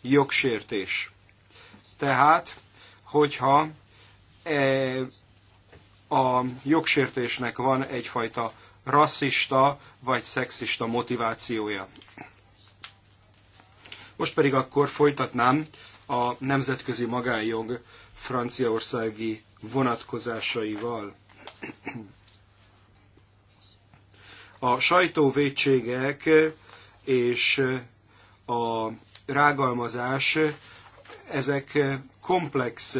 jogsértés. Tehát, hogyha e, a jogsértésnek van egyfajta rasszista vagy szexista motivációja. Most pedig akkor folytatnám a nemzetközi magánjog franciaországi vonatkozásaival. A sajtóvétségek és a rágalmazás, ezek komplex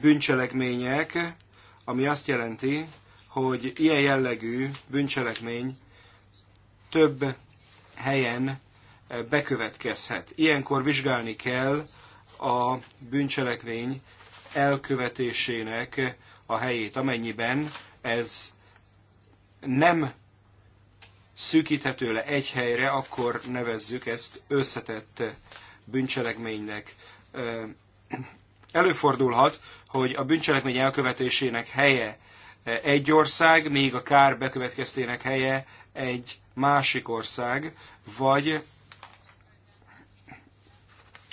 bűncselekmények, ami azt jelenti, hogy ilyen jellegű bűncselekmény több helyen bekövetkezhet. Ilyenkor vizsgálni kell a bűncselekmény elkövetésének a helyét, amennyiben ez nem szűkíthető le egy helyre, akkor nevezzük ezt összetett bűncselekménynek. Előfordulhat, hogy a bűncselekmény elkövetésének helye egy ország, még a kár bekövetkeztének helye egy másik ország, vagy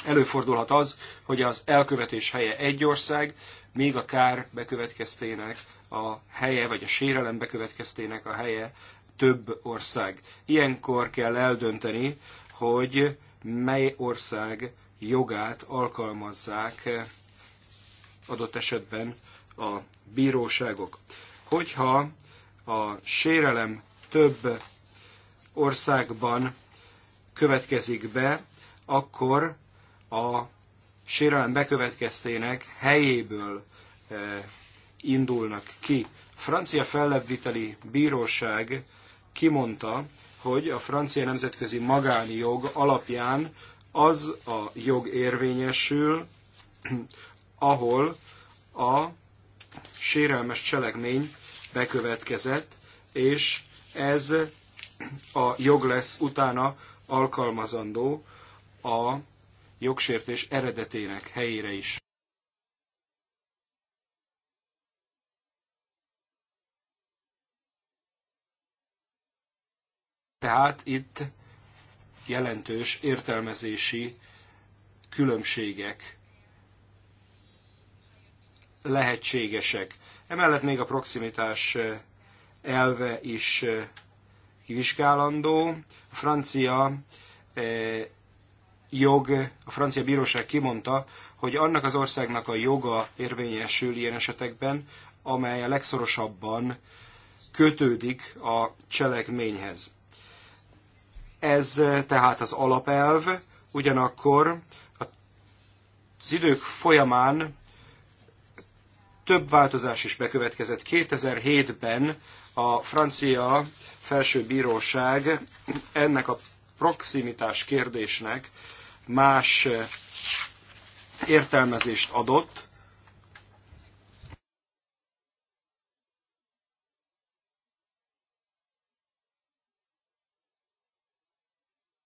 Előfordulhat az, hogy az elkövetés helye egy ország, míg a kár bekövetkeztének a helye, vagy a sérelem bekövetkeztének a helye több ország. Ilyenkor kell eldönteni, hogy mely ország jogát alkalmazzák eh, adott esetben a bíróságok. Hogyha a sérelem több országban következik be, akkor a sérelem bekövetkeztének helyéből eh, indulnak ki. Francia fellebbviteli bíróság kimondta, hogy a francia nemzetközi magánjog alapján az a jog érvényesül, ahol a sérelmes cselekmény bekövetkezett, és ez a jog lesz utána alkalmazandó a jogsértés eredetének helyére is. Tehát itt jelentős értelmezési különbségek lehetségesek. Emellett még a proximitás elve is kivizsgálandó. A francia eh, jog, a francia bíróság kimondta, hogy annak az országnak a joga érvényesül ilyen esetekben, amely a legszorosabban kötődik a cselekményhez. Ez tehát az alapelv, ugyanakkor az idők folyamán több változás is bekövetkezett. 2007-ben a francia felső bíróság ennek a proximitás kérdésnek más eh, értelmezést adott,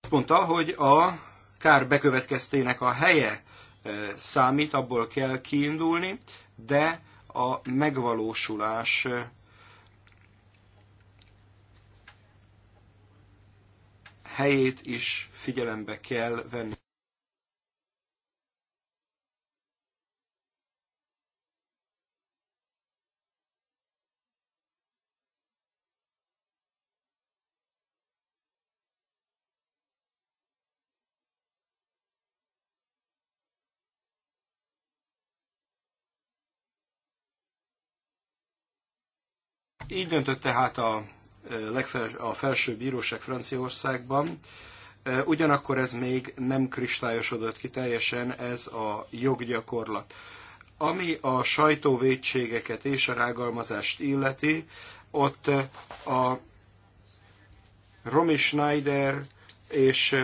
mondta, hogy a kár bekövetkeztének a helye eh, számít, abból kell kiindulni, de a megvalósulás eh, helyét is figyelembe kell venni. Így döntött tehát a, a felső bíróság Franciaországban. Ugyanakkor ez még nem kristályosodott ki teljesen, ez a joggyakorlat. Ami a sajtóvédségeket és a rágalmazást illeti, ott a Romy Schneider és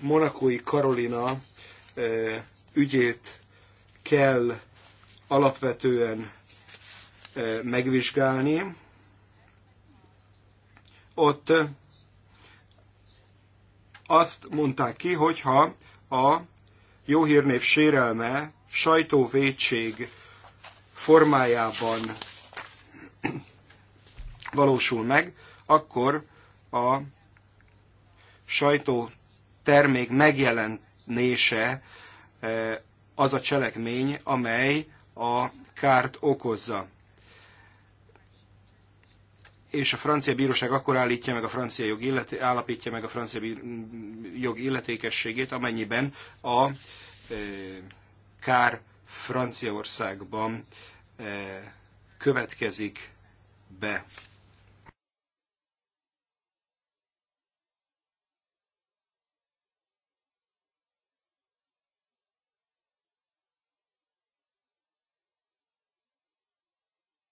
monakói Karolina ügyét kell alapvetően megvizsgálni. Ott azt mondták ki, hogyha a jó hírnév sérelme sajtóvédség formájában valósul meg, akkor a sajtó termék megjelenése az a cselekmény, amely a kárt okozza és a francia bíróság akkor állítja meg a francia jog illeti, állapítja meg a francia jog illetékességét, amennyiben a e, kár Franciaországban e, következik be.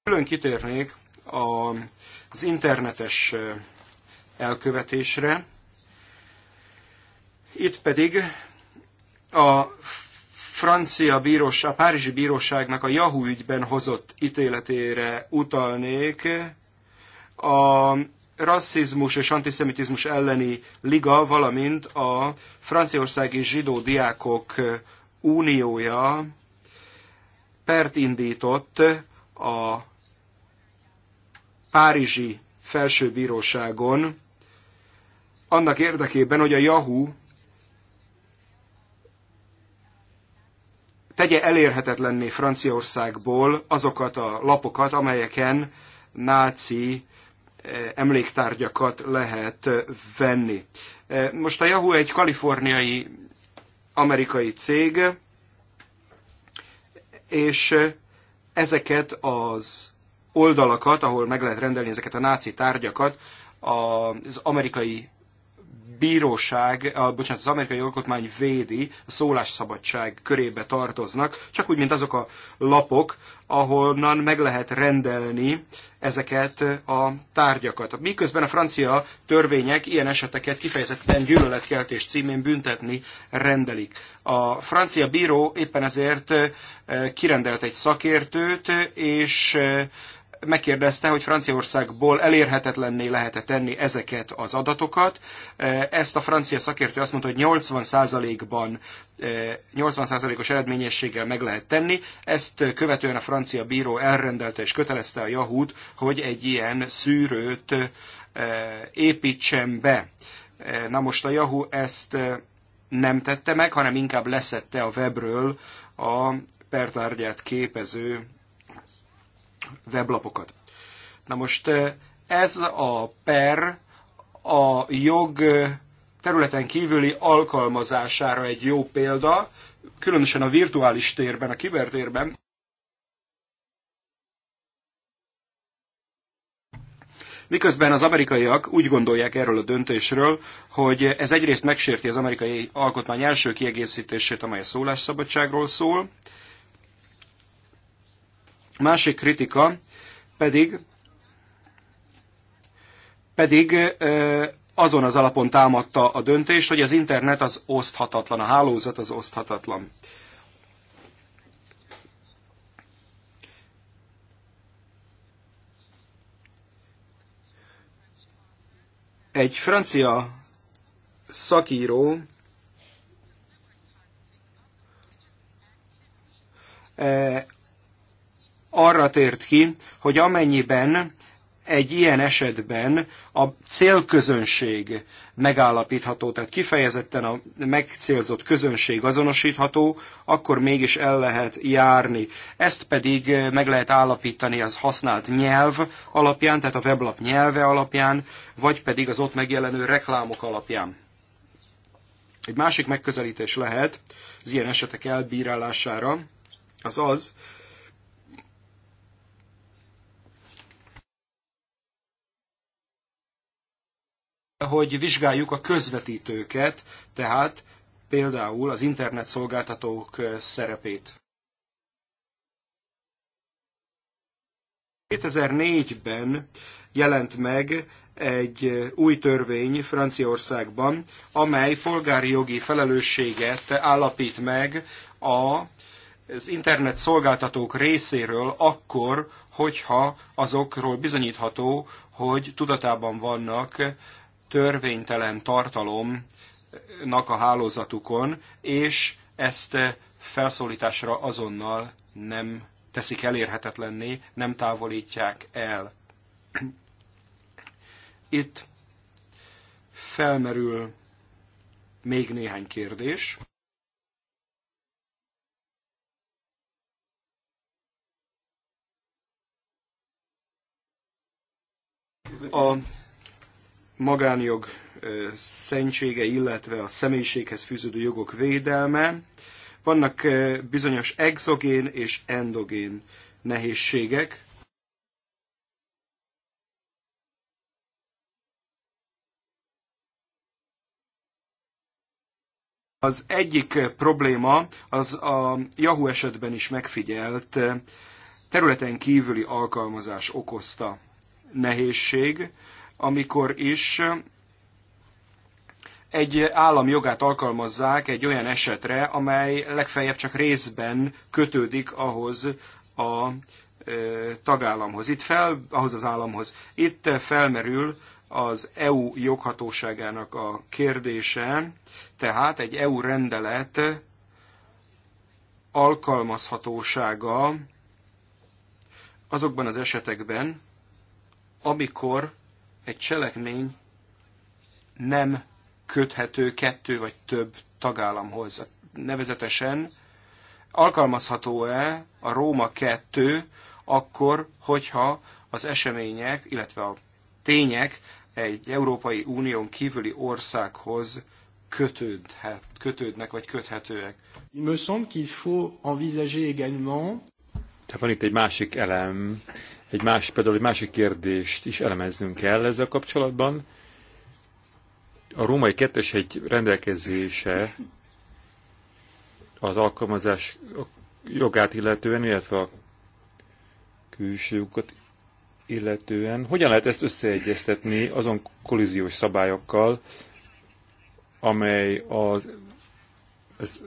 Külön kitérnék a az internetes elkövetésre. Itt pedig a francia bírós, a Párizsi Bíróságnak a Yahoo ügyben hozott ítéletére utalnék. A rasszizmus és antiszemitizmus elleni liga, valamint a franciaországi zsidó diákok uniója pert indított a Párizsi felsőbíróságon annak érdekében, hogy a Yahoo tegye elérhetetlenné Franciaországból azokat a lapokat, amelyeken náci eh, emléktárgyakat lehet eh, venni. Eh, most a Yahoo egy kaliforniai amerikai cég, és ezeket az oldalakat, ahol meg lehet rendelni ezeket a náci tárgyakat, az amerikai bíróság, a, bocsánat, az amerikai alkotmány védi, a szólásszabadság körébe tartoznak, csak úgy, mint azok a lapok, ahonnan meg lehet rendelni ezeket a tárgyakat. Miközben a francia törvények ilyen eseteket kifejezetten gyűlöletkeltés címén büntetni rendelik. A francia bíró éppen ezért eh, kirendelt egy szakértőt, és eh, megkérdezte, hogy Franciaországból elérhetetlenné lehet-e tenni ezeket az adatokat. E, ezt a francia szakértő azt mondta, hogy 80%-ban 80%-os e, eredményességgel meg lehet tenni. Ezt követően a francia bíró elrendelte és kötelezte a Yahoo-t, hogy egy ilyen szűrőt e, építsen be. Na most a Yahoo ezt nem tette meg, hanem inkább leszette a webről a pertárgyát képező weblapokat. Na most ez a per a jog területen kívüli alkalmazására egy jó példa, különösen a virtuális térben, a kibertérben. Miközben az amerikaiak úgy gondolják erről a döntésről, hogy ez egyrészt megsérti az amerikai alkotmány első kiegészítését, amely a szólásszabadságról szól, Másik kritika pedig, pedig azon az alapon támadta a döntést, hogy az internet az oszthatatlan, a hálózat az oszthatatlan. Egy francia szakíró arra tért ki, hogy amennyiben egy ilyen esetben a célközönség megállapítható, tehát kifejezetten a megcélzott közönség azonosítható, akkor mégis el lehet járni. Ezt pedig meg lehet állapítani az használt nyelv alapján, tehát a weblap nyelve alapján, vagy pedig az ott megjelenő reklámok alapján. Egy másik megközelítés lehet az ilyen esetek elbírálására, az az, hogy vizsgáljuk a közvetítőket, tehát például az internet szolgáltatók szerepét. 2004-ben jelent meg egy új törvény Franciaországban, amely polgári jogi felelősséget állapít meg a az internet szolgáltatók részéről akkor, hogyha azokról bizonyítható, hogy tudatában vannak törvénytelen tartalomnak a hálózatukon, és ezt felszólításra azonnal nem teszik elérhetetlenné, nem távolítják el. Itt felmerül még néhány kérdés. A magánjog szentsége, illetve a személyiséghez fűződő jogok védelme. Vannak bizonyos exogén és endogén nehézségek, Az egyik probléma az a Yahoo esetben is megfigyelt területen kívüli alkalmazás okozta nehézség amikor is egy állam jogát alkalmazzák egy olyan esetre, amely legfeljebb csak részben kötődik ahhoz a tagállamhoz, itt fel, ahhoz az államhoz. Itt felmerül az EU joghatóságának a kérdése, tehát egy EU rendelet alkalmazhatósága azokban az esetekben, amikor egy cselekmény nem köthető kettő vagy több tagállamhoz. Nevezetesen alkalmazható-e a Róma 2 akkor, hogyha az események, illetve a tények egy Európai Unión kívüli országhoz kötődhet, kötődnek, vagy köthetőek. Il me semble qu'il faut envisager également... Tehát van itt egy másik elem, egy más, például egy másik kérdést is elemeznünk kell ezzel kapcsolatban. A római kettes egy rendelkezése az alkalmazás jogát illetően, illetve a külső jogot illetően. Hogyan lehet ezt összeegyeztetni azon kollíziós szabályokkal, amely az, az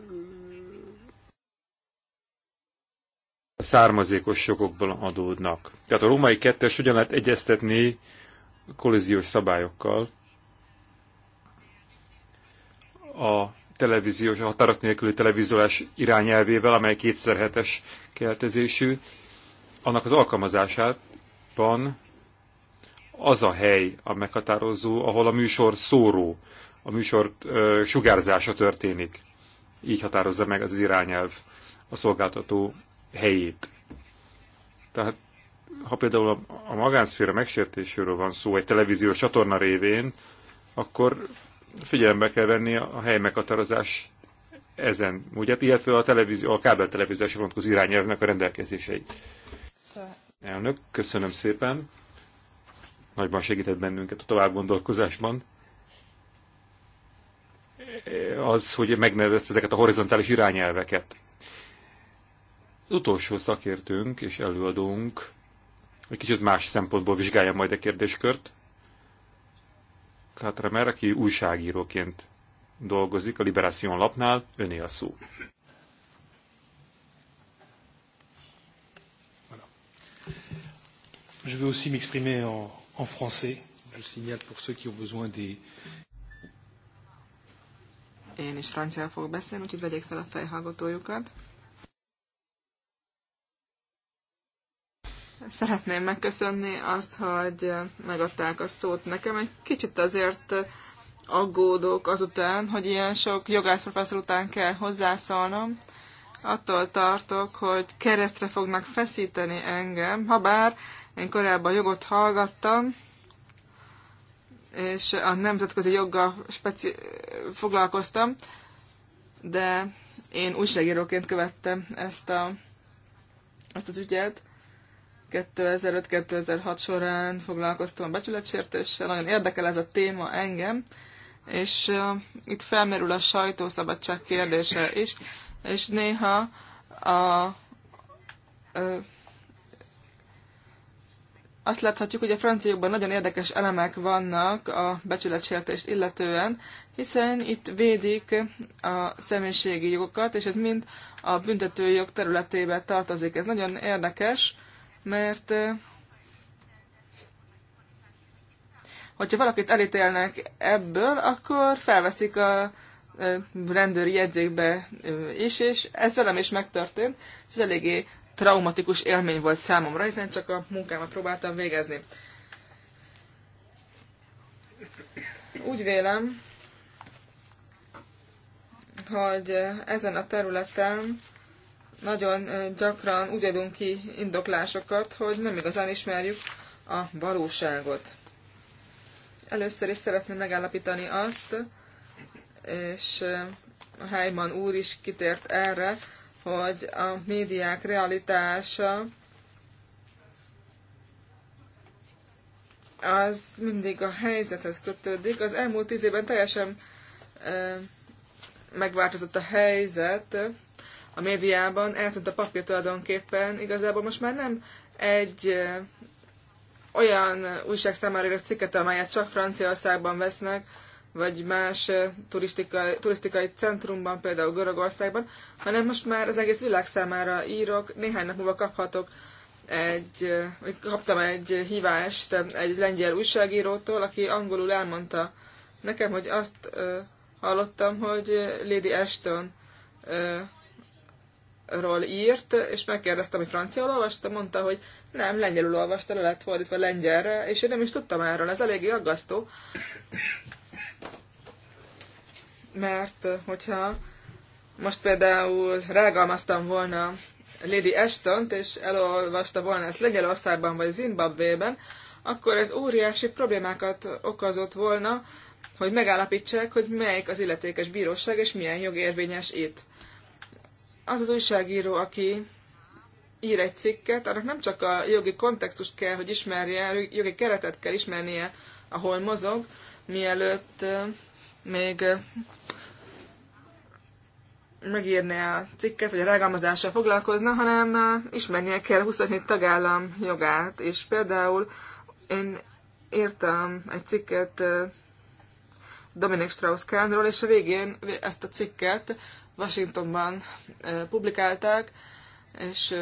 a származékos jogokból adódnak. Tehát a római kettes hogyan lehet egyeztetni kollíziós szabályokkal a televíziós, a határok nélküli televíziós irányelvével, amely kétszer hetes keltezésű, annak az alkalmazásában az a hely a meghatározó, ahol a műsor szóró, a műsor ö, sugárzása történik. Így határozza meg az irányelv a szolgáltató helyét. Tehát ha például a, a magánszféra megsértéséről van szó egy televíziós csatorna révén, akkor figyelembe kell venni a hely meghatározás ezen, ugye, illetve a, televízió, a kábel televíziós vonatkozó irányelvnek a rendelkezései. Elnök, köszönöm szépen. Nagyban segített bennünket a tovább gondolkozásban. Az, hogy megnevezte ezeket a horizontális irányelveket utolsó szakértőnk és előadónk egy kicsit más szempontból vizsgálja majd a kérdéskört. Katremer, aki újságíróként dolgozik a Liberation lapnál, öné a szó. Je veux aussi m'exprimer en, en français. Je signale pour ceux qui ont besoin des... Én is franciául fogok beszélni, úgyhogy vegyék fel a fejhallgatójukat. Szeretném megköszönni azt, hogy megadták a szót nekem. Egy kicsit azért aggódok azután, hogy ilyen sok jogászprofesszor után kell hozzászólnom. Attól tartok, hogy keresztre fognak feszíteni engem, ha bár én korábban jogot hallgattam, és a nemzetközi joggal speci- foglalkoztam, de én újságíróként követtem ezt, a, ezt az ügyet, 2005-2006 során foglalkoztam a becsületsértéssel, nagyon érdekel ez a téma engem, és uh, itt felmerül a sajtószabadság kérdése is, és néha a, uh, azt láthatjuk, hogy a franciákban nagyon érdekes elemek vannak a becsületsértést illetően, hiszen itt védik a személyiségi jogokat, és ez mind a büntetőjog területébe tartozik. Ez nagyon érdekes, uh, mert hogyha valakit elítélnek ebből, akkor felveszik a rendőri jegyzékbe is, és ez velem is megtörtént, és ez eléggé traumatikus élmény volt számomra, hiszen csak a munkámat próbáltam végezni. Úgy vélem, hogy ezen a területen nagyon gyakran úgy adunk ki indoklásokat, hogy nem igazán ismerjük a valóságot. Először is szeretném megállapítani azt, és a Heiman úr is kitért erre, hogy a médiák realitása az mindig a helyzethez kötődik. Az elmúlt tíz évben teljesen megváltozott a helyzet, a médiában, eltűnt a papír tulajdonképpen, igazából most már nem egy olyan újság számára írott cikket, amelyet csak Franciaországban vesznek, vagy más turistikai, turisztikai centrumban, például Görögországban, hanem most már az egész világ számára írok, néhány nap múlva kaphatok egy, kaptam egy hívást egy lengyel újságírótól, aki angolul elmondta nekem, hogy azt hallottam, hogy Lady Ashton ról írt, és megkérdeztem, hogy francia olvasta, mondta, hogy nem, lengyelül olvasta, le lett fordítva lengyelre, és én nem is tudtam erről, ez eléggé aggasztó. Mert hogyha most például rágalmaztam volna Lady ashton és elolvasta volna ezt Lengyelországban vagy Zimbabvében, akkor ez óriási problémákat okozott volna, hogy megállapítsák, hogy melyik az illetékes bíróság, és milyen jog érvényes itt az az újságíró, aki ír egy cikket, annak nem csak a jogi kontextust kell, hogy ismerje, jogi keretet kell ismernie, ahol mozog, mielőtt még megírni a cikket, vagy a rágalmazással foglalkozna, hanem ismernie kell 27 tagállam jogát, és például én írtam egy cikket Dominik strauss és a végén ezt a cikket Washingtonban publikálták, és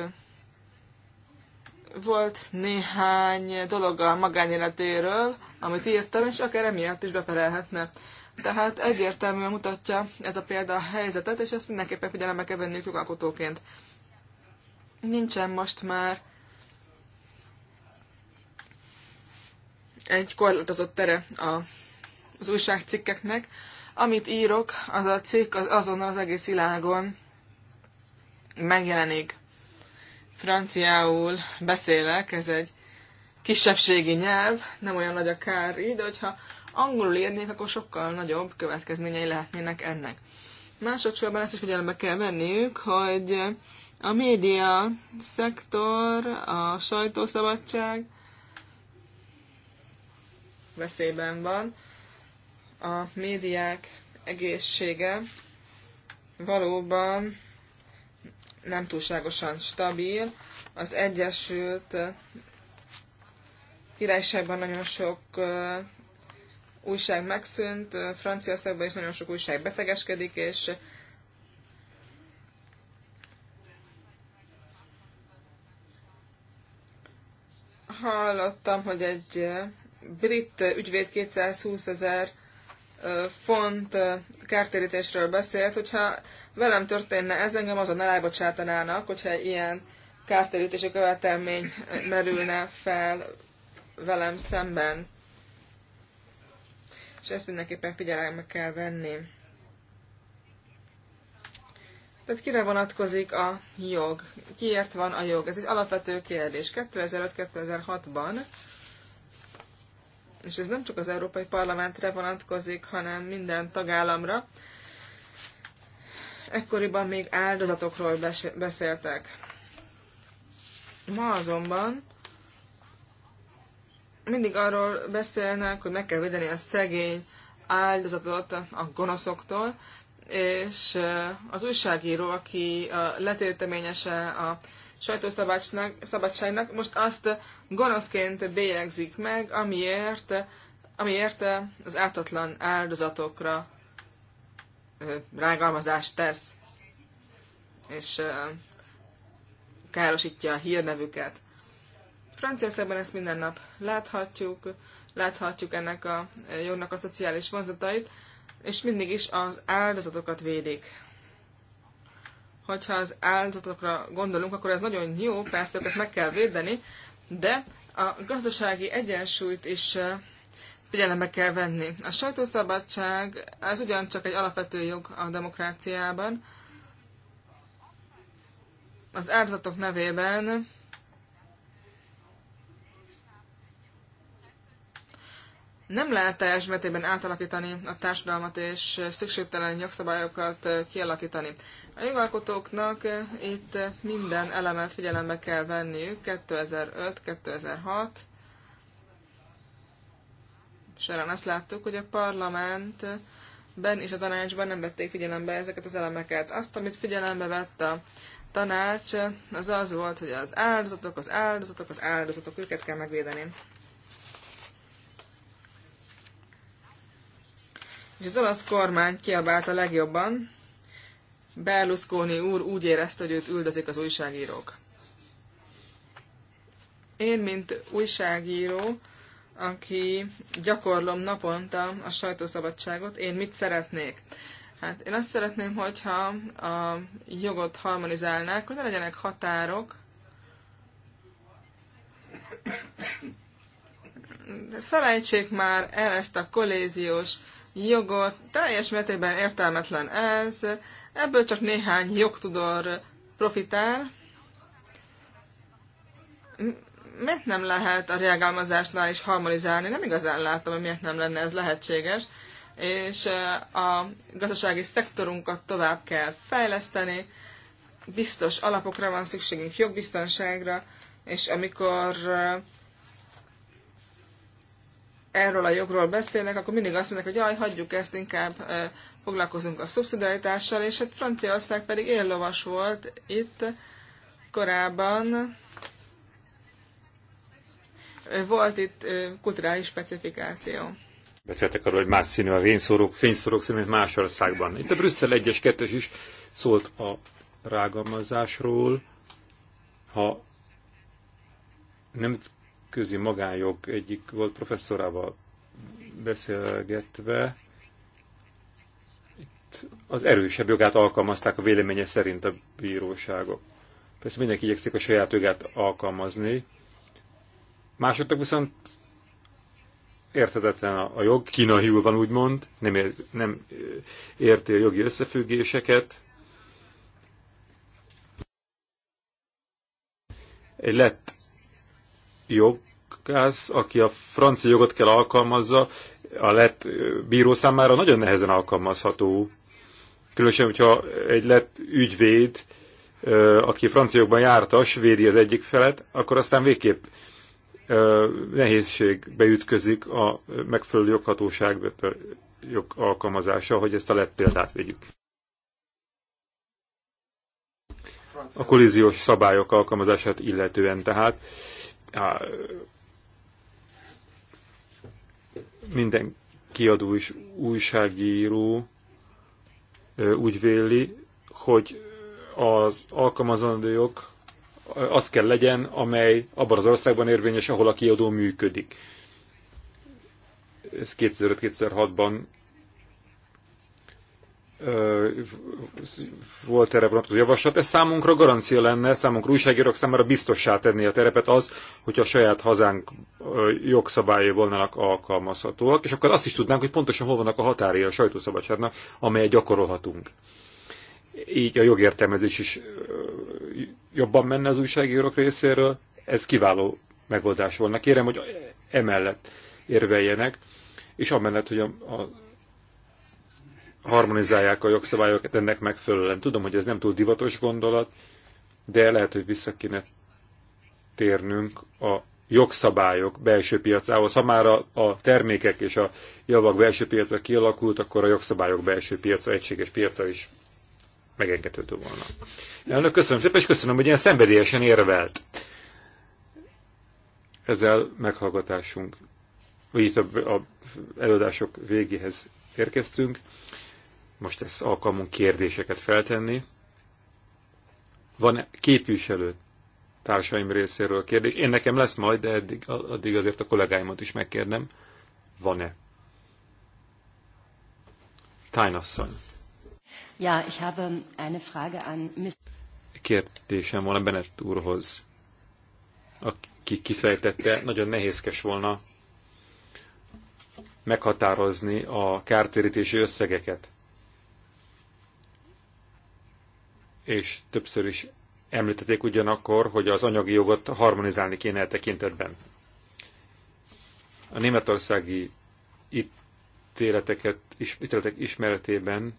volt néhány dolog a magánéletéről, amit írtam, és akár emiatt is beperelhetne. Tehát egyértelműen mutatja ez a példa a helyzetet, és ezt mindenképpen figyelembe kell venniük jogalkotóként. Nincsen most már egy korlátozott tere a, az újságcikkeknek, amit írok, az a cikk az azonnal az egész világon megjelenik. Franciául beszélek, ez egy kisebbségi nyelv, nem olyan nagy a kár így, de hogyha angolul írnék, akkor sokkal nagyobb következményei lehetnének ennek. Másodszorban ezt is figyelembe kell venniük, hogy a média szektor, a sajtószabadság veszélyben van a médiák egészsége valóban nem túlságosan stabil. Az Egyesült Királyságban nagyon sok újság megszűnt, Franciaországban is nagyon sok újság betegeskedik, és hallottam, hogy egy brit ügyvéd 220 ezer font kártérítésről beszélt, hogyha velem történne ez, engem azon elájbocsátanának, hogyha ilyen kártérítési követelmény merülne fel velem szemben. És ezt mindenképpen figyelembe kell venni. Tehát kire vonatkozik a jog? Kiért van a jog? Ez egy alapvető kérdés. 2005-2006-ban és ez nem csak az Európai Parlamentre vonatkozik, hanem minden tagállamra. Ekkoriban még áldozatokról beszéltek. Ma azonban mindig arról beszélnek, hogy meg kell védeni a szegény áldozatot a gonoszoktól, és az újságíró, aki a letéteményese a sajtószabadságnak, most azt gonoszként bélyegzik meg, amiért, amiért az ártatlan áldozatokra rágalmazást tesz, és károsítja a hírnevüket. Franciaországban ezt minden nap láthatjuk, láthatjuk ennek a jónak a szociális vonzatait, és mindig is az áldozatokat védik hogyha az áldozatokra gondolunk, akkor ez nagyon jó, persze őket meg kell védeni, de a gazdasági egyensúlyt is figyelembe kell venni. A sajtószabadság ez ugyancsak egy alapvető jog a demokráciában. Az áldozatok nevében nem lehet teljes mértékben átalakítani a társadalmat és szükségtelen jogszabályokat kialakítani. A jogalkotóknak itt minden elemet figyelembe kell venniük 2005-2006. Során azt láttuk, hogy a parlamentben és a tanácsban nem vették figyelembe ezeket az elemeket. Azt, amit figyelembe vett a tanács, az az volt, hogy az áldozatok, az áldozatok, az áldozatok, őket kell megvédeni. És az olasz kormány a legjobban, Berlusconi úr úgy érezte, hogy őt üldözik az újságírók. Én, mint újságíró, aki gyakorlom naponta a sajtószabadságot, én mit szeretnék? Hát én azt szeretném, hogyha a jogot harmonizálnák, hogy ne legyenek határok, felejtsék már el ezt a kolléziós jogot, teljes mértékben értelmetlen ez, ebből csak néhány jogtudor profitál. Miért nem lehet a reagálmazásnál is harmonizálni? Nem igazán látom, hogy miért nem lenne ez lehetséges, és a gazdasági szektorunkat tovább kell fejleszteni, biztos alapokra van szükségünk, jogbiztonságra, és amikor erről a jogról beszélnek, akkor mindig azt mondják, hogy jaj, hagyjuk ezt, inkább foglalkozunk a szubszidiaritással, és hát Franciaország pedig éllovas volt itt korábban. Volt itt kulturális specifikáció. Beszéltek arról, hogy más színű a fényszórók, fényszórók színű, mint más országban. Itt a Brüsszel 1-es, 2 is szólt a rágalmazásról. Ha nem nemzetközi magánjog egyik volt professzorával beszélgetve, itt az erősebb jogát alkalmazták a véleménye szerint a bíróságok. Persze mindenki igyekszik a saját jogát alkalmazni. Másodtak viszont értetetlen a, a jog, kínaiul van úgymond, nem, ér, nem érti a jogi összefüggéseket. Egy lett jogász, aki a francia jogot kell alkalmazza, a lett bíró számára nagyon nehezen alkalmazható. Különösen, hogyha egy lett ügyvéd, aki francia jogban jártas, védi az egyik felet, akkor aztán végképp nehézségbe ütközik a megfelelő joghatóság jog alkalmazása, hogy ezt a lett példát vegyük. A kolíziós szabályok alkalmazását illetően tehát minden kiadó és újságíró úgy véli, hogy az alkalmazandójog az kell legyen, amely abban az országban érvényes, ahol a kiadó működik. Ez 2005-2006-ban volt erre vonatkozó javaslat, ez számunkra garancia lenne, számunkra újságírók számára biztossá tenni a terepet az, hogy a saját hazánk jogszabályai volnának alkalmazhatóak, és akkor azt is tudnánk, hogy pontosan hol vannak a határai a sajtószabadságnak, amelyet gyakorolhatunk. Így a jogértelmezés is jobban menne az újságírók részéről, ez kiváló megoldás volna. Kérem, hogy emellett érveljenek, és amellett, hogy a, a harmonizálják a jogszabályokat ennek megfelelően. Tudom, hogy ez nem túl divatos gondolat, de lehet, hogy vissza kéne térnünk a jogszabályok belső piacához. Ha már a, a termékek és a javak belső piaca kialakult, akkor a jogszabályok belső piaca, egységes piaca is megengedhető volna. Elnök, köszönöm szépen, és köszönöm, hogy ilyen szenvedélyesen érvelt. Ezzel meghallgatásunk, vagy itt a, a előadások végéhez érkeztünk. Most ezt alkalmunk kérdéseket feltenni. Van -e képviselő társaim részéről kérdés? Én nekem lesz majd, de eddig, addig azért a kollégáimat is megkérdem. Van-e? Tájnasszony. Ja, ich habe ähm, eine Frage an Kérdésem van a Bennett úrhoz, aki kifejtette, nagyon nehézkes volna meghatározni a kártérítési összegeket. és többször is említették ugyanakkor, hogy az anyagi jogot harmonizálni kéne e tekintetben. A németországi ítéleteket, ítéletek ismeretében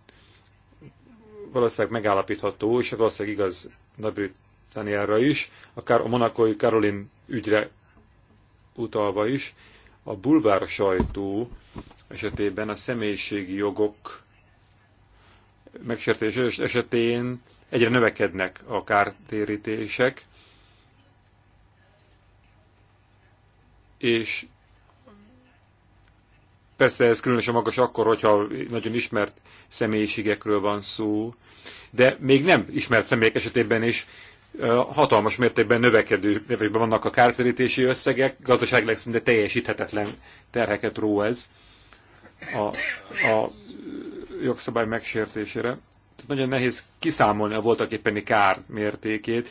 valószínűleg megállapítható, és valószínűleg igaz Nagy-Britanniára is, akár a monakói Karolin ügyre utalva is, a bulvár sajtó esetében a személyiségi jogok megsértése esetén egyre növekednek a kártérítések, és persze ez különösen magas akkor, hogyha nagyon ismert személyiségekről van szó, de még nem ismert személyek esetében is hatalmas mértékben növekedő mértékben vannak a kártérítési összegek, gazdaságilag szinte teljesíthetetlen terheket ró ez a, a jogszabály megsértésére nagyon nehéz kiszámolni a voltak éppeni kár mértékét.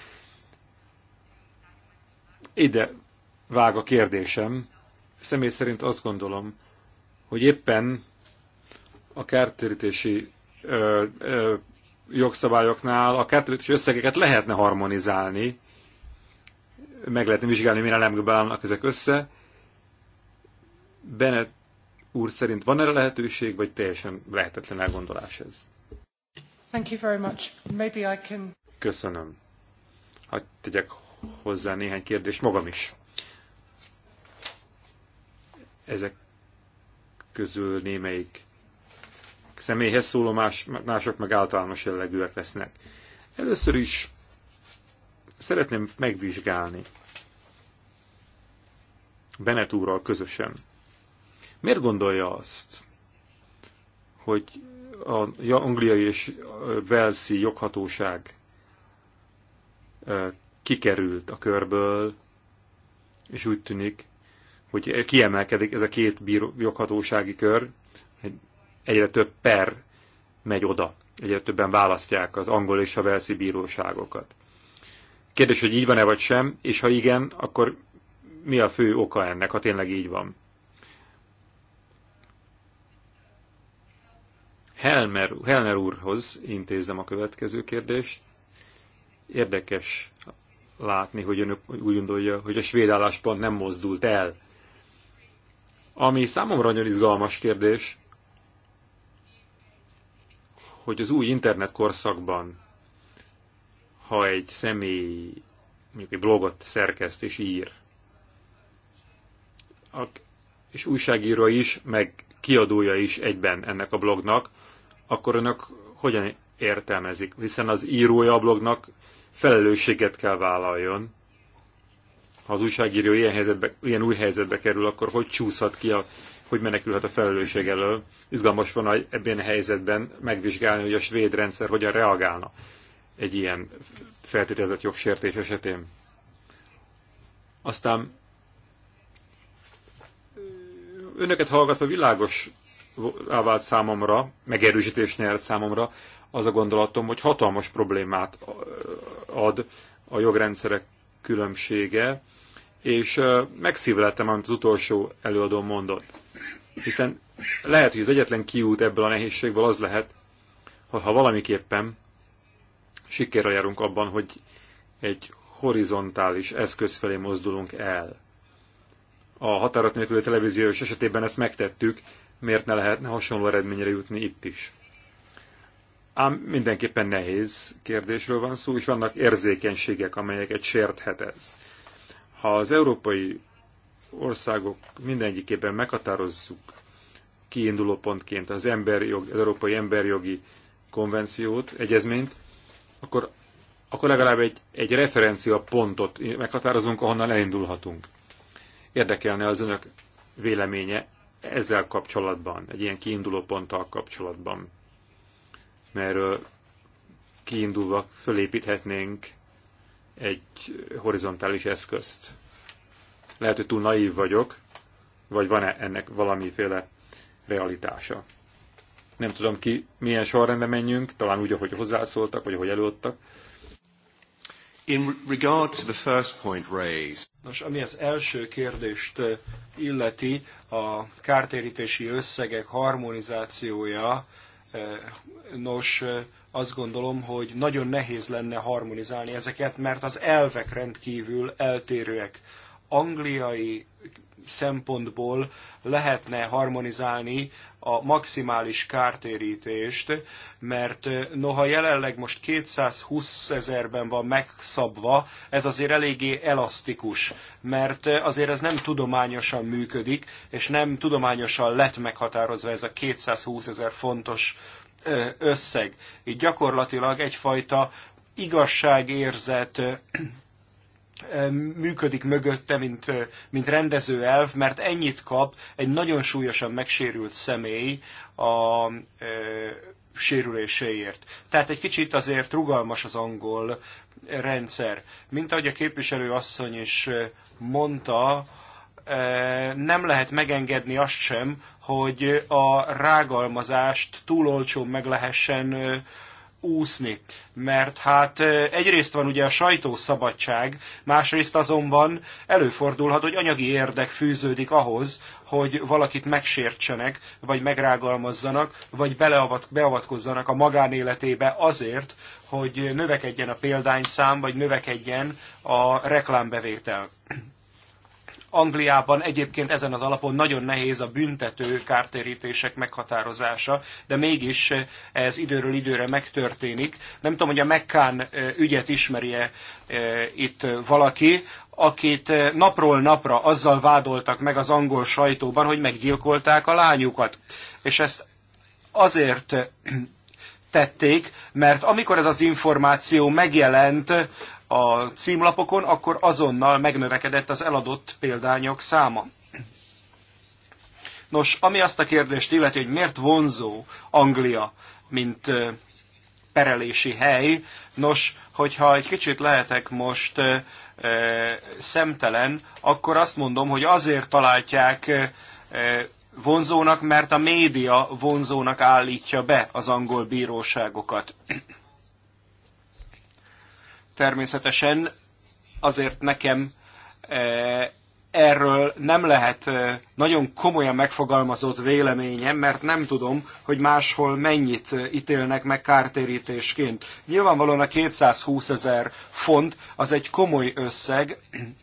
Ide vág a kérdésem. Személy szerint azt gondolom, hogy éppen a kártérítési ö, ö, jogszabályoknál a kártérítési összegeket lehetne harmonizálni, meg lehetne vizsgálni, mire nem állnak ezek össze. Bennett úr szerint van erre lehetőség, vagy teljesen lehetetlen elgondolás ez? Thank you very much. Maybe I can... Köszönöm. Hadd tegyek hozzá néhány kérdést magam is. Ezek közül némelyik személyhez szóló más, mások meg általános jellegűek lesznek. Először is szeretném megvizsgálni Benetúrral közösen. Miért gondolja azt, hogy a angliai és velszi joghatóság kikerült a körből, és úgy tűnik, hogy kiemelkedik ez a két bíró, joghatósági kör, egyre több per megy oda, egyre többen választják az angol és a velszi bíróságokat. Kérdés, hogy így van-e vagy sem, és ha igen, akkor mi a fő oka ennek, ha tényleg így van? Helmer, Helmer úrhoz intézem a következő kérdést. Érdekes látni, hogy önök úgy gondolja, hogy a svéd álláspont nem mozdult el. Ami számomra nagyon izgalmas kérdés, hogy az új internet korszakban, ha egy személy mondjuk egy blogot szerkeszt és ír, és újságíró is, meg kiadója is egyben ennek a blognak, akkor önök hogyan értelmezik? Hiszen az írója a blognak felelősséget kell vállaljon. Ha az újságíró ilyen, helyzetbe, ilyen új helyzetbe kerül, akkor hogy csúszhat ki, a, hogy menekülhet a felelősség elől? Izgalmas van ebben a helyzetben megvizsgálni, hogy a svéd rendszer hogyan reagálna egy ilyen feltételezett jogsértés esetén. Aztán önöket hallgatva világos vált számomra, megerősítés nyert számomra az a gondolatom, hogy hatalmas problémát ad a jogrendszerek különbsége, és megszívlettem, amit az utolsó előadó mondott. Hiszen lehet, hogy az egyetlen kiút ebből a nehézségből az lehet, hogy ha valamiképpen sikerrel járunk abban, hogy egy horizontális eszköz felé mozdulunk el. A határat nélküli televíziós esetében ezt megtettük, miért ne lehetne hasonló eredményre jutni itt is? Ám mindenképpen nehéz kérdésről van szó, és vannak érzékenységek, amelyeket sérthet ez. Ha az európai országok mindegyikében meghatározzuk kiinduló pontként az, emberjog, az Európai Emberjogi Konvenciót, egyezményt, akkor, akkor legalább egy, egy referencia pontot meghatározunk, ahonnan elindulhatunk. Érdekelne az önök véleménye ezzel kapcsolatban, egy ilyen kiinduló ponttal kapcsolatban, mert kiindulva fölépíthetnénk egy horizontális eszközt. Lehet, hogy túl naív vagyok, vagy van-e ennek valamiféle realitása. Nem tudom ki, milyen sorrendbe menjünk, talán úgy, ahogy hozzászóltak, vagy ahogy előadtak. In regard to the first point raised. Nos, ami az első kérdést illeti, a kártérítési összegek harmonizációja, eh, nos, eh, azt gondolom, hogy nagyon nehéz lenne harmonizálni ezeket, mert az elvek rendkívül eltérőek angliai szempontból lehetne harmonizálni a maximális kártérítést, mert eh, noha jelenleg most 220 ezerben van megszabva, ez azért eléggé elasztikus, mert eh, azért ez nem tudományosan működik, és nem tudományosan lett meghatározva ez a 220 ezer fontos eh, összeg. Így gyakorlatilag egyfajta igazságérzet működik mögötte, mint, mint rendező elv, mert ennyit kap egy nagyon súlyosan megsérült személy a e, sérüléséért. Tehát egy kicsit azért rugalmas az angol rendszer. Mint ahogy a képviselő asszony is mondta, nem lehet megengedni azt sem, hogy a rágalmazást túl olcsón meg lehessen úszni. Mert hát egyrészt van ugye a sajtószabadság, másrészt azonban előfordulhat, hogy anyagi érdek fűződik ahhoz, hogy valakit megsértsenek, vagy megrágalmazzanak, vagy beleavat, beavatkozzanak a magánéletébe azért, hogy növekedjen a példányszám, vagy növekedjen a reklámbevétel. Angliában egyébként ezen az alapon nagyon nehéz a büntető kártérítések meghatározása, de mégis eh, ez időről időre megtörténik. Nem tudom, hogy a Mekkán eh, ügyet ismerje eh, itt valaki, akit napról napra azzal vádoltak meg az angol sajtóban, hogy meggyilkolták a lányukat. És ezt azért tették, mert amikor ez az információ megjelent, a címlapokon, akkor azonnal megnövekedett az eladott példányok száma. Nos, ami azt a kérdést illeti, hogy miért vonzó Anglia, mint perelési hely, nos, hogyha egy kicsit lehetek most e, szemtelen, akkor azt mondom, hogy azért találják vonzónak, mert a média vonzónak állítja be az angol bíróságokat természetesen azért nekem eh, erről nem lehet eh, nagyon komolyan megfogalmazott véleményem, mert nem tudom, hogy máshol mennyit eh, ítélnek meg kártérítésként. Nyilvánvalóan a 220 ezer font az egy komoly összeg,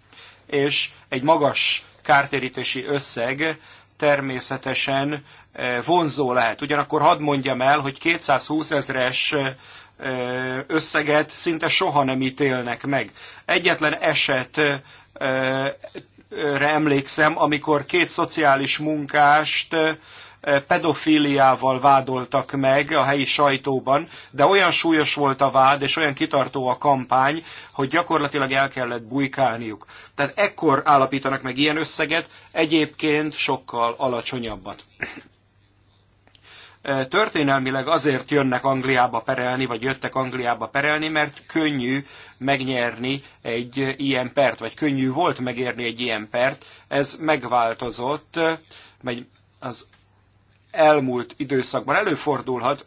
és egy magas kártérítési összeg természetesen vonzó lehet. Ugyanakkor hadd mondjam el, hogy 220 ezres összeget szinte soha nem ítélnek meg. Egyetlen eset emlékszem, amikor két szociális munkást pedofíliával vádoltak meg a helyi sajtóban, de olyan súlyos volt a vád, és olyan kitartó a kampány, hogy gyakorlatilag el kellett bujkálniuk. Tehát ekkor állapítanak meg ilyen összeget, egyébként sokkal alacsonyabbat. Történelmileg azért jönnek Angliába perelni, vagy jöttek Angliába perelni, mert könnyű megnyerni egy ilyen pert, vagy könnyű volt megérni egy ilyen pert. Ez megváltozott, vagy az elmúlt időszakban előfordulhat,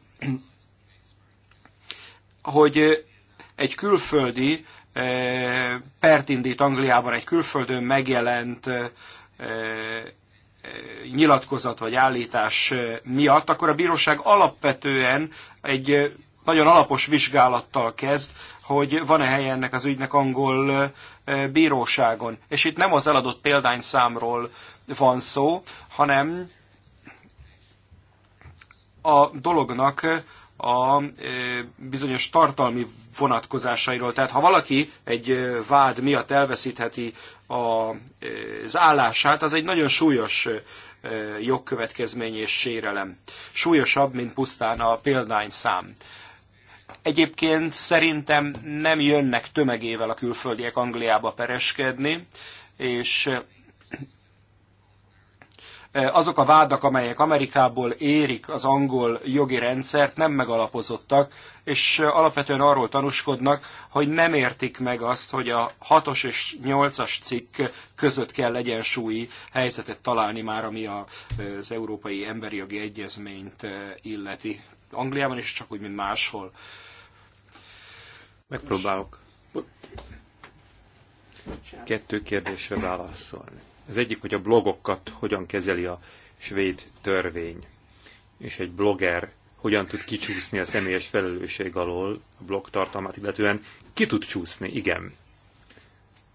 hogy egy külföldi pert indít Angliában egy külföldön megjelent nyilatkozat vagy állítás miatt, akkor a bíróság alapvetően egy nagyon alapos vizsgálattal kezd, hogy van-e hely ennek az ügynek angol bíróságon. És itt nem az eladott példányszámról van szó, hanem a dolognak a bizonyos tartalmi vonatkozásairól. Tehát ha valaki egy vád miatt elveszítheti az állását, az egy nagyon súlyos jogkövetkezmény és sérelem. Súlyosabb, mint pusztán a példányszám. Egyébként szerintem nem jönnek tömegével a külföldiek Angliába pereskedni, és Eh, azok a vádak, amelyek Amerikából érik az angol jogi rendszert, nem megalapozottak, és eh, alapvetően arról tanúskodnak, hogy nem értik meg azt, hogy a 6-os és 8-as cikk között kell egyensúlyi helyzetet találni már, ami eh, az Európai Emberi Jogi Egyezményt illeti. Angliában is csak úgy, mint máshol. Megpróbálok. Kettő kérdésre válaszolni. Az egyik, hogy a blogokat hogyan kezeli a svéd törvény, és egy blogger hogyan tud kicsúszni a személyes felelősség alól a blog tartalmát, illetően ki tud csúszni, igen.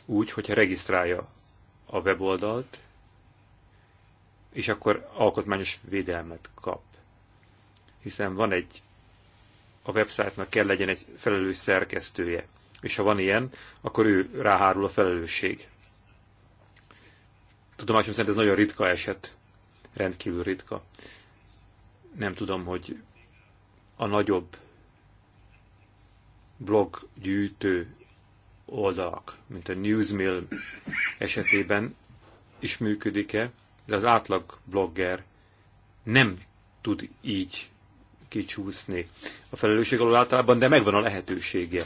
Úgy, hogyha regisztrálja a weboldalt, és akkor alkotmányos védelmet kap. Hiszen van egy, a websájtnak kell legyen egy felelős szerkesztője, és ha van ilyen, akkor ő ráhárul a felelősség Tudomásom szerint ez nagyon ritka eset, rendkívül ritka. Nem tudom, hogy a nagyobb bloggyűjtő oldalak, mint a Newsmill esetében is működik-e, de az átlag blogger nem tud így kicsúszni a felelősség alól általában, de megvan a lehetősége.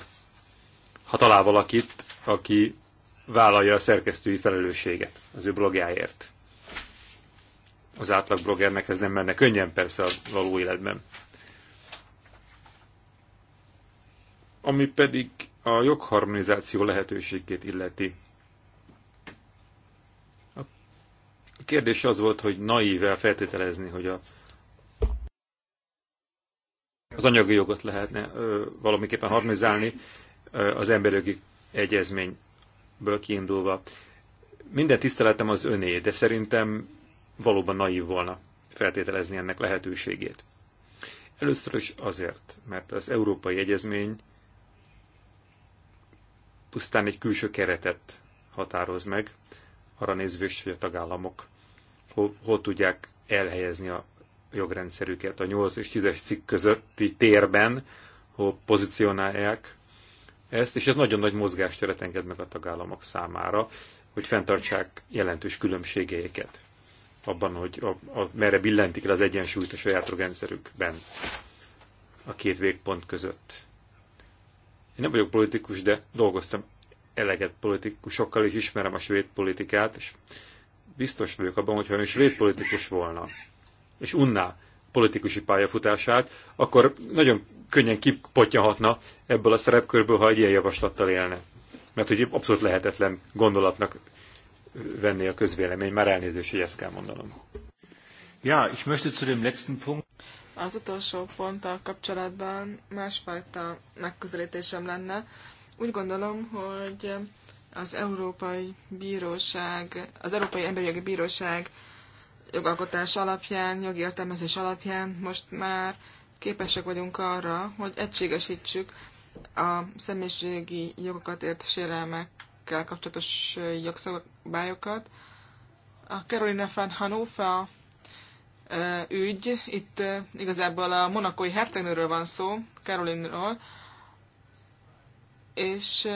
Ha talál valakit, aki vállalja a szerkesztői felelősséget az ő blogjáért. Az átlag bloggernek ez nem menne könnyen persze a való életben. Ami pedig a jogharmonizáció lehetőségét illeti. A kérdés az volt, hogy naível feltételezni, hogy a az anyagi jogot lehetne ö, valamiképpen harmonizálni ö, az jogi egyezmény ből kiindulva. Minden tiszteletem az öné, de szerintem valóban naív volna feltételezni ennek lehetőségét. Először is azért, mert az Európai Egyezmény pusztán egy külső keretet határoz meg, arra nézvés, hogy a tagállamok hol, tudják elhelyezni a jogrendszerüket a 8 és 10-es cikk közötti térben, hol pozícionálják ezt, és ez nagyon nagy mozgásteret enged meg a tagállamok számára, hogy fenntartsák jelentős különbségeiket abban, hogy a, a, merre billentik el az egyensúlyt a saját rendszerükben a két végpont között. Én nem vagyok politikus, de dolgoztam eleget politikusokkal, és ismerem a svéd politikát, és biztos vagyok abban, hogyha ön svéd politikus volna, és unná politikusi pályafutását, akkor nagyon könnyen kipotyahatna ebből a szerepkörből, ha egy ilyen javaslattal élne. Mert hogy abszolút lehetetlen gondolatnak venni a közvélemény, már elnézést, hogy ezt kell mondanom. Ja, ich möchte zu dem letzten Punkt. Az utolsó ponttal kapcsolatban másfajta megközelítésem lenne. Úgy gondolom, hogy az Európai Bíróság, az Európai Emberi Jogi Bíróság jogalkotás alapján, jogi értelmezés alapján most már képesek vagyunk arra, hogy egységesítsük a személyiségi jogokat ért sérelmekkel kapcsolatos jogszabályokat. A Carolina van Hanófa ügy, itt igazából a monakói hercegnőről van szó, Carolinról, és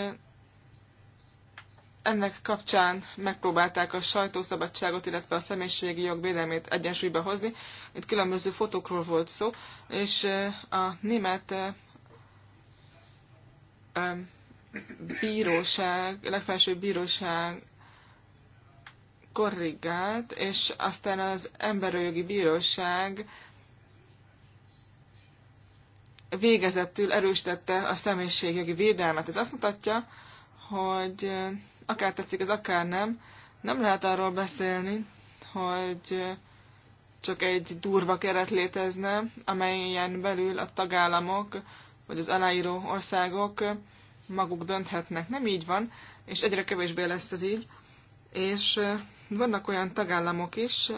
ennek kapcsán megpróbálták a sajtószabadságot, illetve a személyiségi jog védelmét egyensúlyba hozni. Itt különböző fotókról volt szó, és eh, a német eh, bíróság, legfelsőbb bíróság korrigált, és aztán az emberőjogi bíróság végezettül erősítette a személyiségjogi védelmet. Ez azt mutatja, hogy eh, akár tetszik ez, akár nem, nem lehet arról beszélni, hogy csak egy durva keret létezne, amelyen belül a tagállamok vagy az aláíró országok maguk dönthetnek. Nem így van, és egyre kevésbé lesz ez így. És vannak olyan tagállamok is,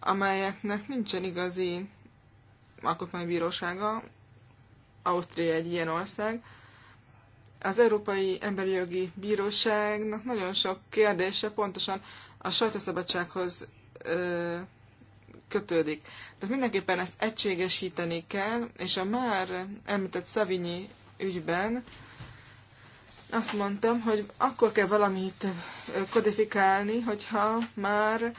amelyeknek nincsen igazi alkotmánybírósága, Ausztria egy ilyen ország, az Európai Emberi Jogi Bíróságnak nagyon sok kérdése pontosan a sajtószabadsághoz ö, kötődik. Tehát mindenképpen ezt egységesíteni kell, és a már említett Szavinyi ügyben azt mondtam, hogy akkor kell valamit kodifikálni, hogyha már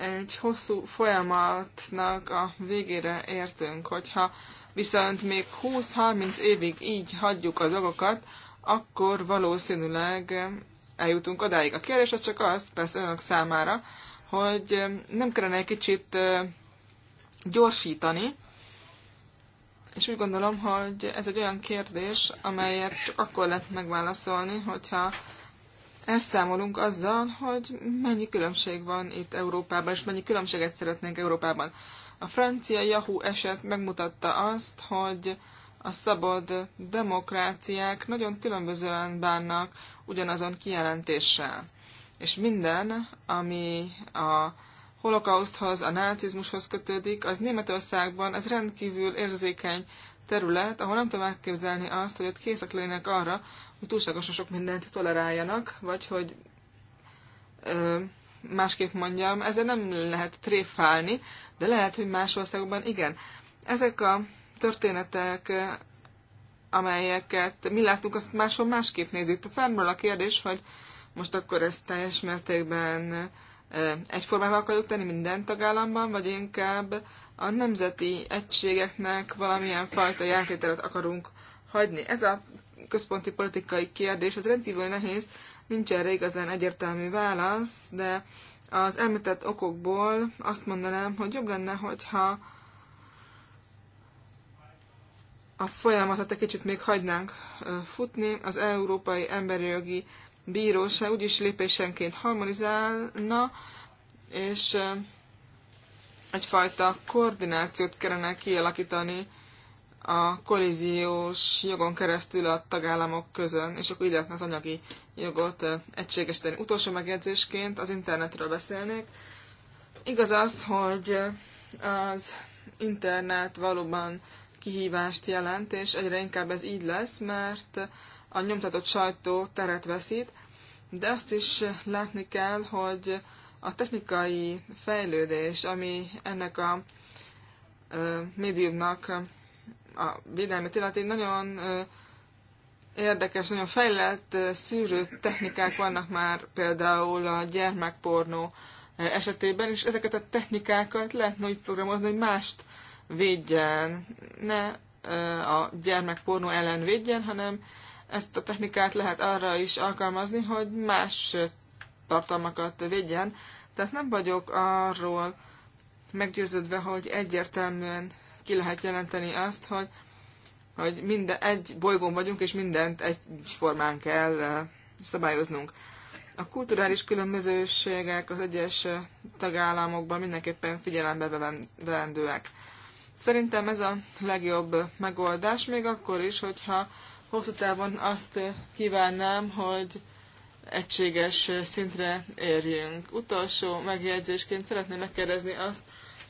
egy hosszú folyamatnak a végére értünk, hogyha viszont még 20-30 évig így hagyjuk a dolgokat, akkor valószínűleg eljutunk odáig. A kérdés az csak az, persze önök számára, hogy nem kellene egy kicsit gyorsítani, és úgy gondolom, hogy ez egy olyan kérdés, amelyet csak akkor lehet megválaszolni, hogyha elszámolunk azzal, hogy mennyi különbség van itt Európában, és mennyi különbséget szeretnénk Európában. A francia Yahoo eset megmutatta azt, hogy a szabad demokráciák nagyon különbözően bánnak ugyanazon kijelentéssel. És minden, ami a holokauszthoz, a nácizmushoz kötődik, az Németországban ez rendkívül érzékeny terület, ahol nem tudom elképzelni azt, hogy ott készek lennének arra, hogy túlságosan sok mindent toleráljanak, vagy hogy ö, másképp mondjam, ezzel nem lehet tréfálni, de lehet, hogy más országokban igen. Ezek a történetek, amelyeket mi látunk, azt máshol másképp nézik. Felmerül a kérdés, hogy most akkor ezt teljes mértékben egyformával akarjuk tenni minden tagállamban, vagy inkább a nemzeti egységeknek valamilyen fajta játéteret akarunk hagyni. Ez a központi politikai kérdés, az rendkívül nehéz, Nincs erre igazán egyértelmű válasz, de az említett okokból azt mondanám, hogy jobb lenne, hogyha a folyamatot egy kicsit még hagynánk futni. Az Európai Emberi Jogi Bíróság úgyis lépésenként harmonizálna, és egyfajta koordinációt kellene kialakítani a kollíziós jogon keresztül a tagállamok közön, és akkor így lehetne az anyagi jogot egységesíteni. Utolsó megjegyzésként az internetről beszélnék. Igaz az, hogy az internet valóban kihívást jelent, és egyre inkább ez így lesz, mert a nyomtatott sajtó teret veszít, de azt is látni kell, hogy a technikai fejlődés, ami ennek a médiumnak a védelmet illeti, nagyon érdekes, nagyon fejlett szűrő technikák vannak már például a gyermekpornó esetében, és ezeket a technikákat lehetne úgy programozni, hogy mást védjen, ne a gyermekpornó ellen védjen, hanem ezt a technikát lehet arra is alkalmazni, hogy más tartalmakat védjen. Tehát nem vagyok arról meggyőződve, hogy egyértelműen ki lehet jelenteni azt, hogy, hogy minden, egy bolygón vagyunk, és mindent egyformán kell szabályoznunk. A kulturális különbözőségek az egyes tagállamokban mindenképpen figyelembe vendőek. Szerintem ez a legjobb megoldás, még akkor is, hogyha hosszú távon azt kívánnám, hogy egységes szintre érjünk. Utolsó megjegyzésként szeretném megkérdezni azt,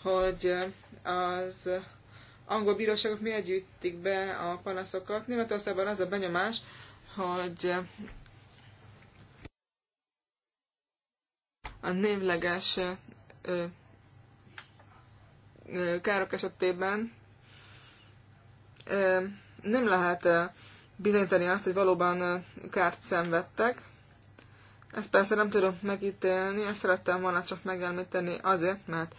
hogy az angol bíróságok miért gyűjtik be a panaszokat. Németországban az a benyomás, hogy a névleges károk esetében nem lehet bizonyítani azt, hogy valóban kárt szenvedtek. Ezt persze nem tudom megítélni, ezt szerettem volna csak megelmíteni azért, mert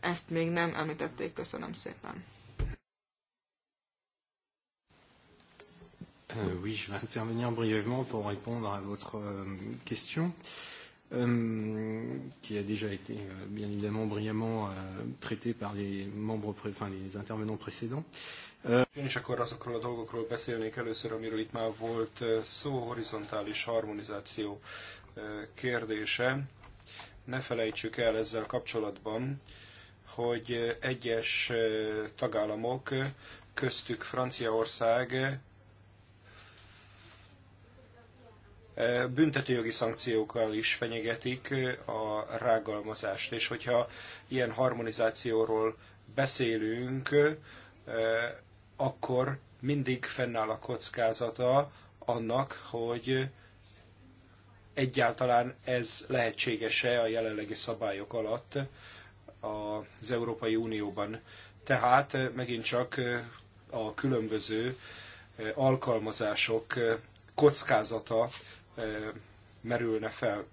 ezt még nem említették. Köszönöm szépen. Euh, oui, je vais intervenir brièvement pour répondre à votre euh, question, euh, qui a déjà été euh, bien évidemment brillamment euh, traitée par les membres, pré... enfin les intervenants précédents. Euh, Én is akkor azokról a dolgokról beszélnék először, amiről itt már volt szó, horizontális harmonizáció kérdése. Ne felejtsük el ezzel kapcsolatban, hogy egyes tagállamok, köztük Franciaország büntetőjogi szankciókkal is fenyegetik a rágalmazást. És hogyha ilyen harmonizációról beszélünk, akkor mindig fennáll a kockázata annak, hogy egyáltalán ez lehetséges-e a jelenlegi szabályok alatt az Európai Unióban. Tehát megint csak a különböző alkalmazások kockázata merülne fel.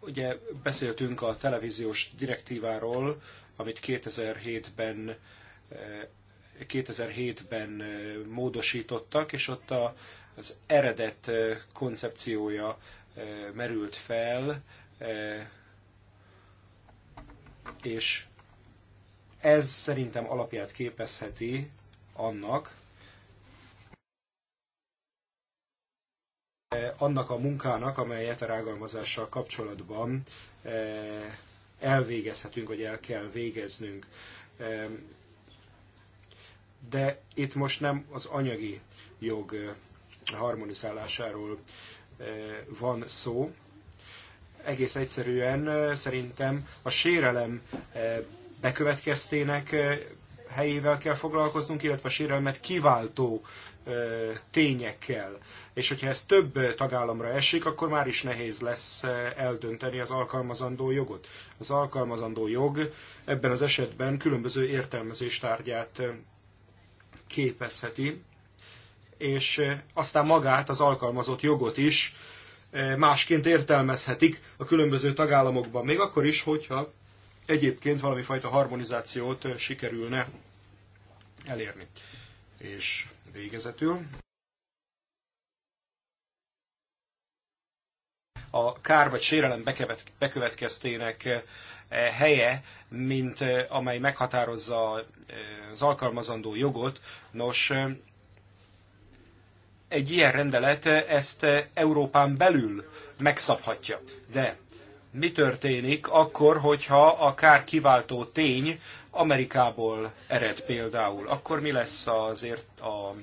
Ugye beszéltünk a televíziós direktíváról, amit 2007-ben 2007-ben módosítottak, és ott a, az eredet koncepciója merült fel, és ez szerintem alapját képezheti annak, Eh, annak a munkának, amelyet a rágalmazással kapcsolatban eh, elvégezhetünk, vagy el kell végeznünk. Eh, de itt most nem az anyagi jog harmonizálásáról van szó. Egész egyszerűen szerintem a sérelem bekövetkeztének helyével kell foglalkoznunk, illetve a sérelmet kiváltó tényekkel. És hogyha ez több tagállamra esik, akkor már is nehéz lesz eldönteni az alkalmazandó jogot. Az alkalmazandó jog ebben az esetben különböző értelmezéstárgyát képezheti, és aztán magát, az alkalmazott jogot is másként értelmezhetik a különböző tagállamokban, még akkor is, hogyha egyébként valami fajta harmonizációt sikerülne elérni. És Végezetül. a kár vagy sérelem bekövetkeztének eh, helye, mint eh, amely meghatározza eh, az alkalmazandó jogot. Nos, egy ilyen rendelet ezt Európán belül megszabhatja. De mi történik akkor, hogyha a kár kiváltó tény Amerikából ered például, akkor mi lesz azért a,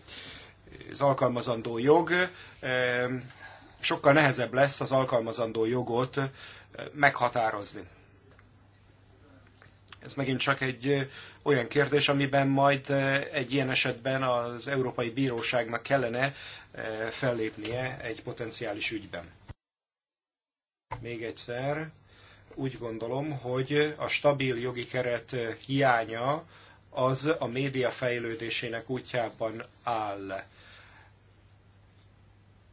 az alkalmazandó jog? Sokkal nehezebb lesz az alkalmazandó jogot meghatározni. Ez megint csak egy olyan kérdés, amiben majd egy ilyen esetben az Európai Bíróságnak kellene fellépnie egy potenciális ügyben. Még egyszer úgy gondolom, hogy a stabil jogi keret hiánya az a média fejlődésének útjában áll.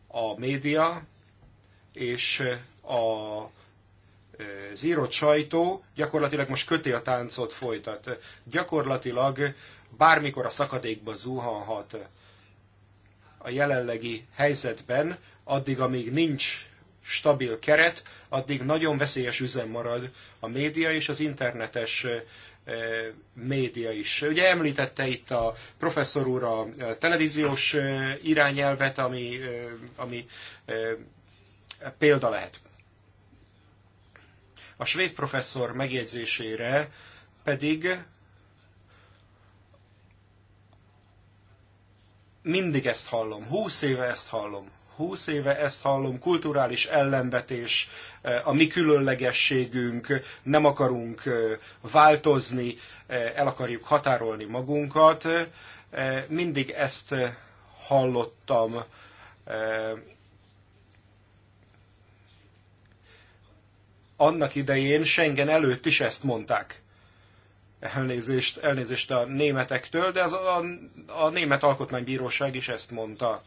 A média és a az sajtó gyakorlatilag most táncot folytat. Gyakorlatilag bármikor a szakadékba zuhanhat a jelenlegi helyzetben, addig, amíg nincs stabil keret, addig nagyon veszélyes üzem marad a média és az internetes média is. Ugye említette itt a professzor úr a televíziós irányelvet, ami, ami példa lehet. A svéd professzor megjegyzésére pedig mindig ezt hallom, húsz éve ezt hallom, húsz éve ezt hallom, kulturális ellenvetés, e, a mi különlegességünk, nem akarunk e, változni, e, el akarjuk határolni magunkat. Mindig ezt hallottam. Annak idején Schengen előtt is ezt mondták elnézést, elnézést a németektől, de az a, a német alkotmánybíróság is ezt mondta.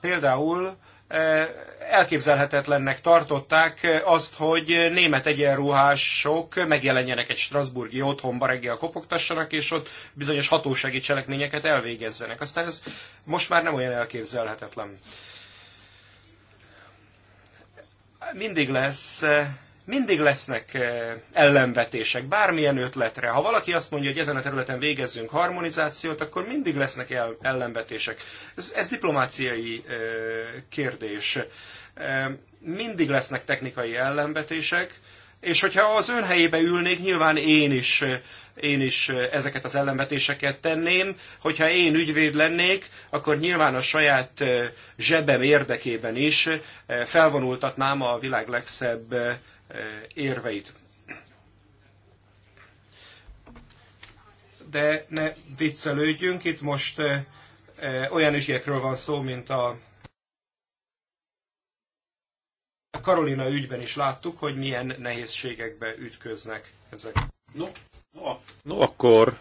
Például eh, elképzelhetetlennek tartották eh, azt, hogy német egyenruhások megjelenjenek egy Strasburgi otthonba, reggel kopogtassanak, és ott bizonyos hatósági cselekményeket elvégezzenek. Aztán ez most már nem olyan elképzelhetetlen. Mindig lesz eh, mindig lesznek eh, ellenvetések bármilyen ötletre. Ha valaki azt mondja, hogy ezen a területen végezzünk harmonizációt, akkor mindig lesznek ellenvetések. Ez, ez diplomáciai eh, kérdés. Eh, mindig lesznek technikai ellenvetések, és hogyha az ön helyébe ülnék, nyilván én is, én is ezeket az ellenvetéseket tenném. Hogyha én ügyvéd lennék, akkor nyilván a saját zsebem érdekében is felvonultatnám a világ legszebb Eh, érveit. De ne viccelődjünk, itt most eh, eh, olyan ügyekről van szó, mint a Karolina ügyben is láttuk, hogy milyen nehézségekbe ütköznek ezek. No, no, no akkor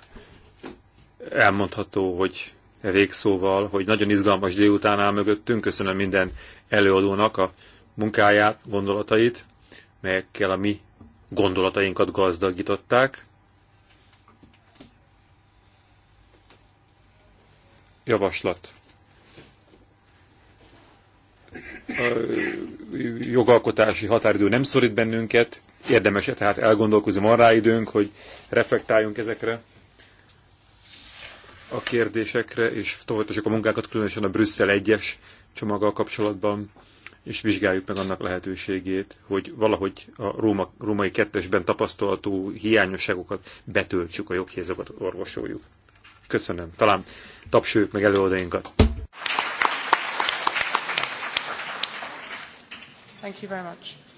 elmondható, hogy végszóval, hogy nagyon izgalmas délután áll mögöttünk. Köszönöm minden előadónak a munkáját, gondolatait melyekkel a mi gondolatainkat gazdagították. Javaslat. A jogalkotási határidő nem szorít bennünket, érdemes -e tehát elgondolkozni, van rá időnk, hogy reflektáljunk ezekre a kérdésekre, és folytassuk a munkákat, különösen a Brüsszel 1-es csomaggal kapcsolatban és vizsgáljuk meg annak lehetőségét, hogy valahogy a Róma, római kettesben tapasztalatú hiányosságokat betöltsük a joghézokat, orvosoljuk. Köszönöm. Talán tapsoljuk meg előadainkat. Thank you very much.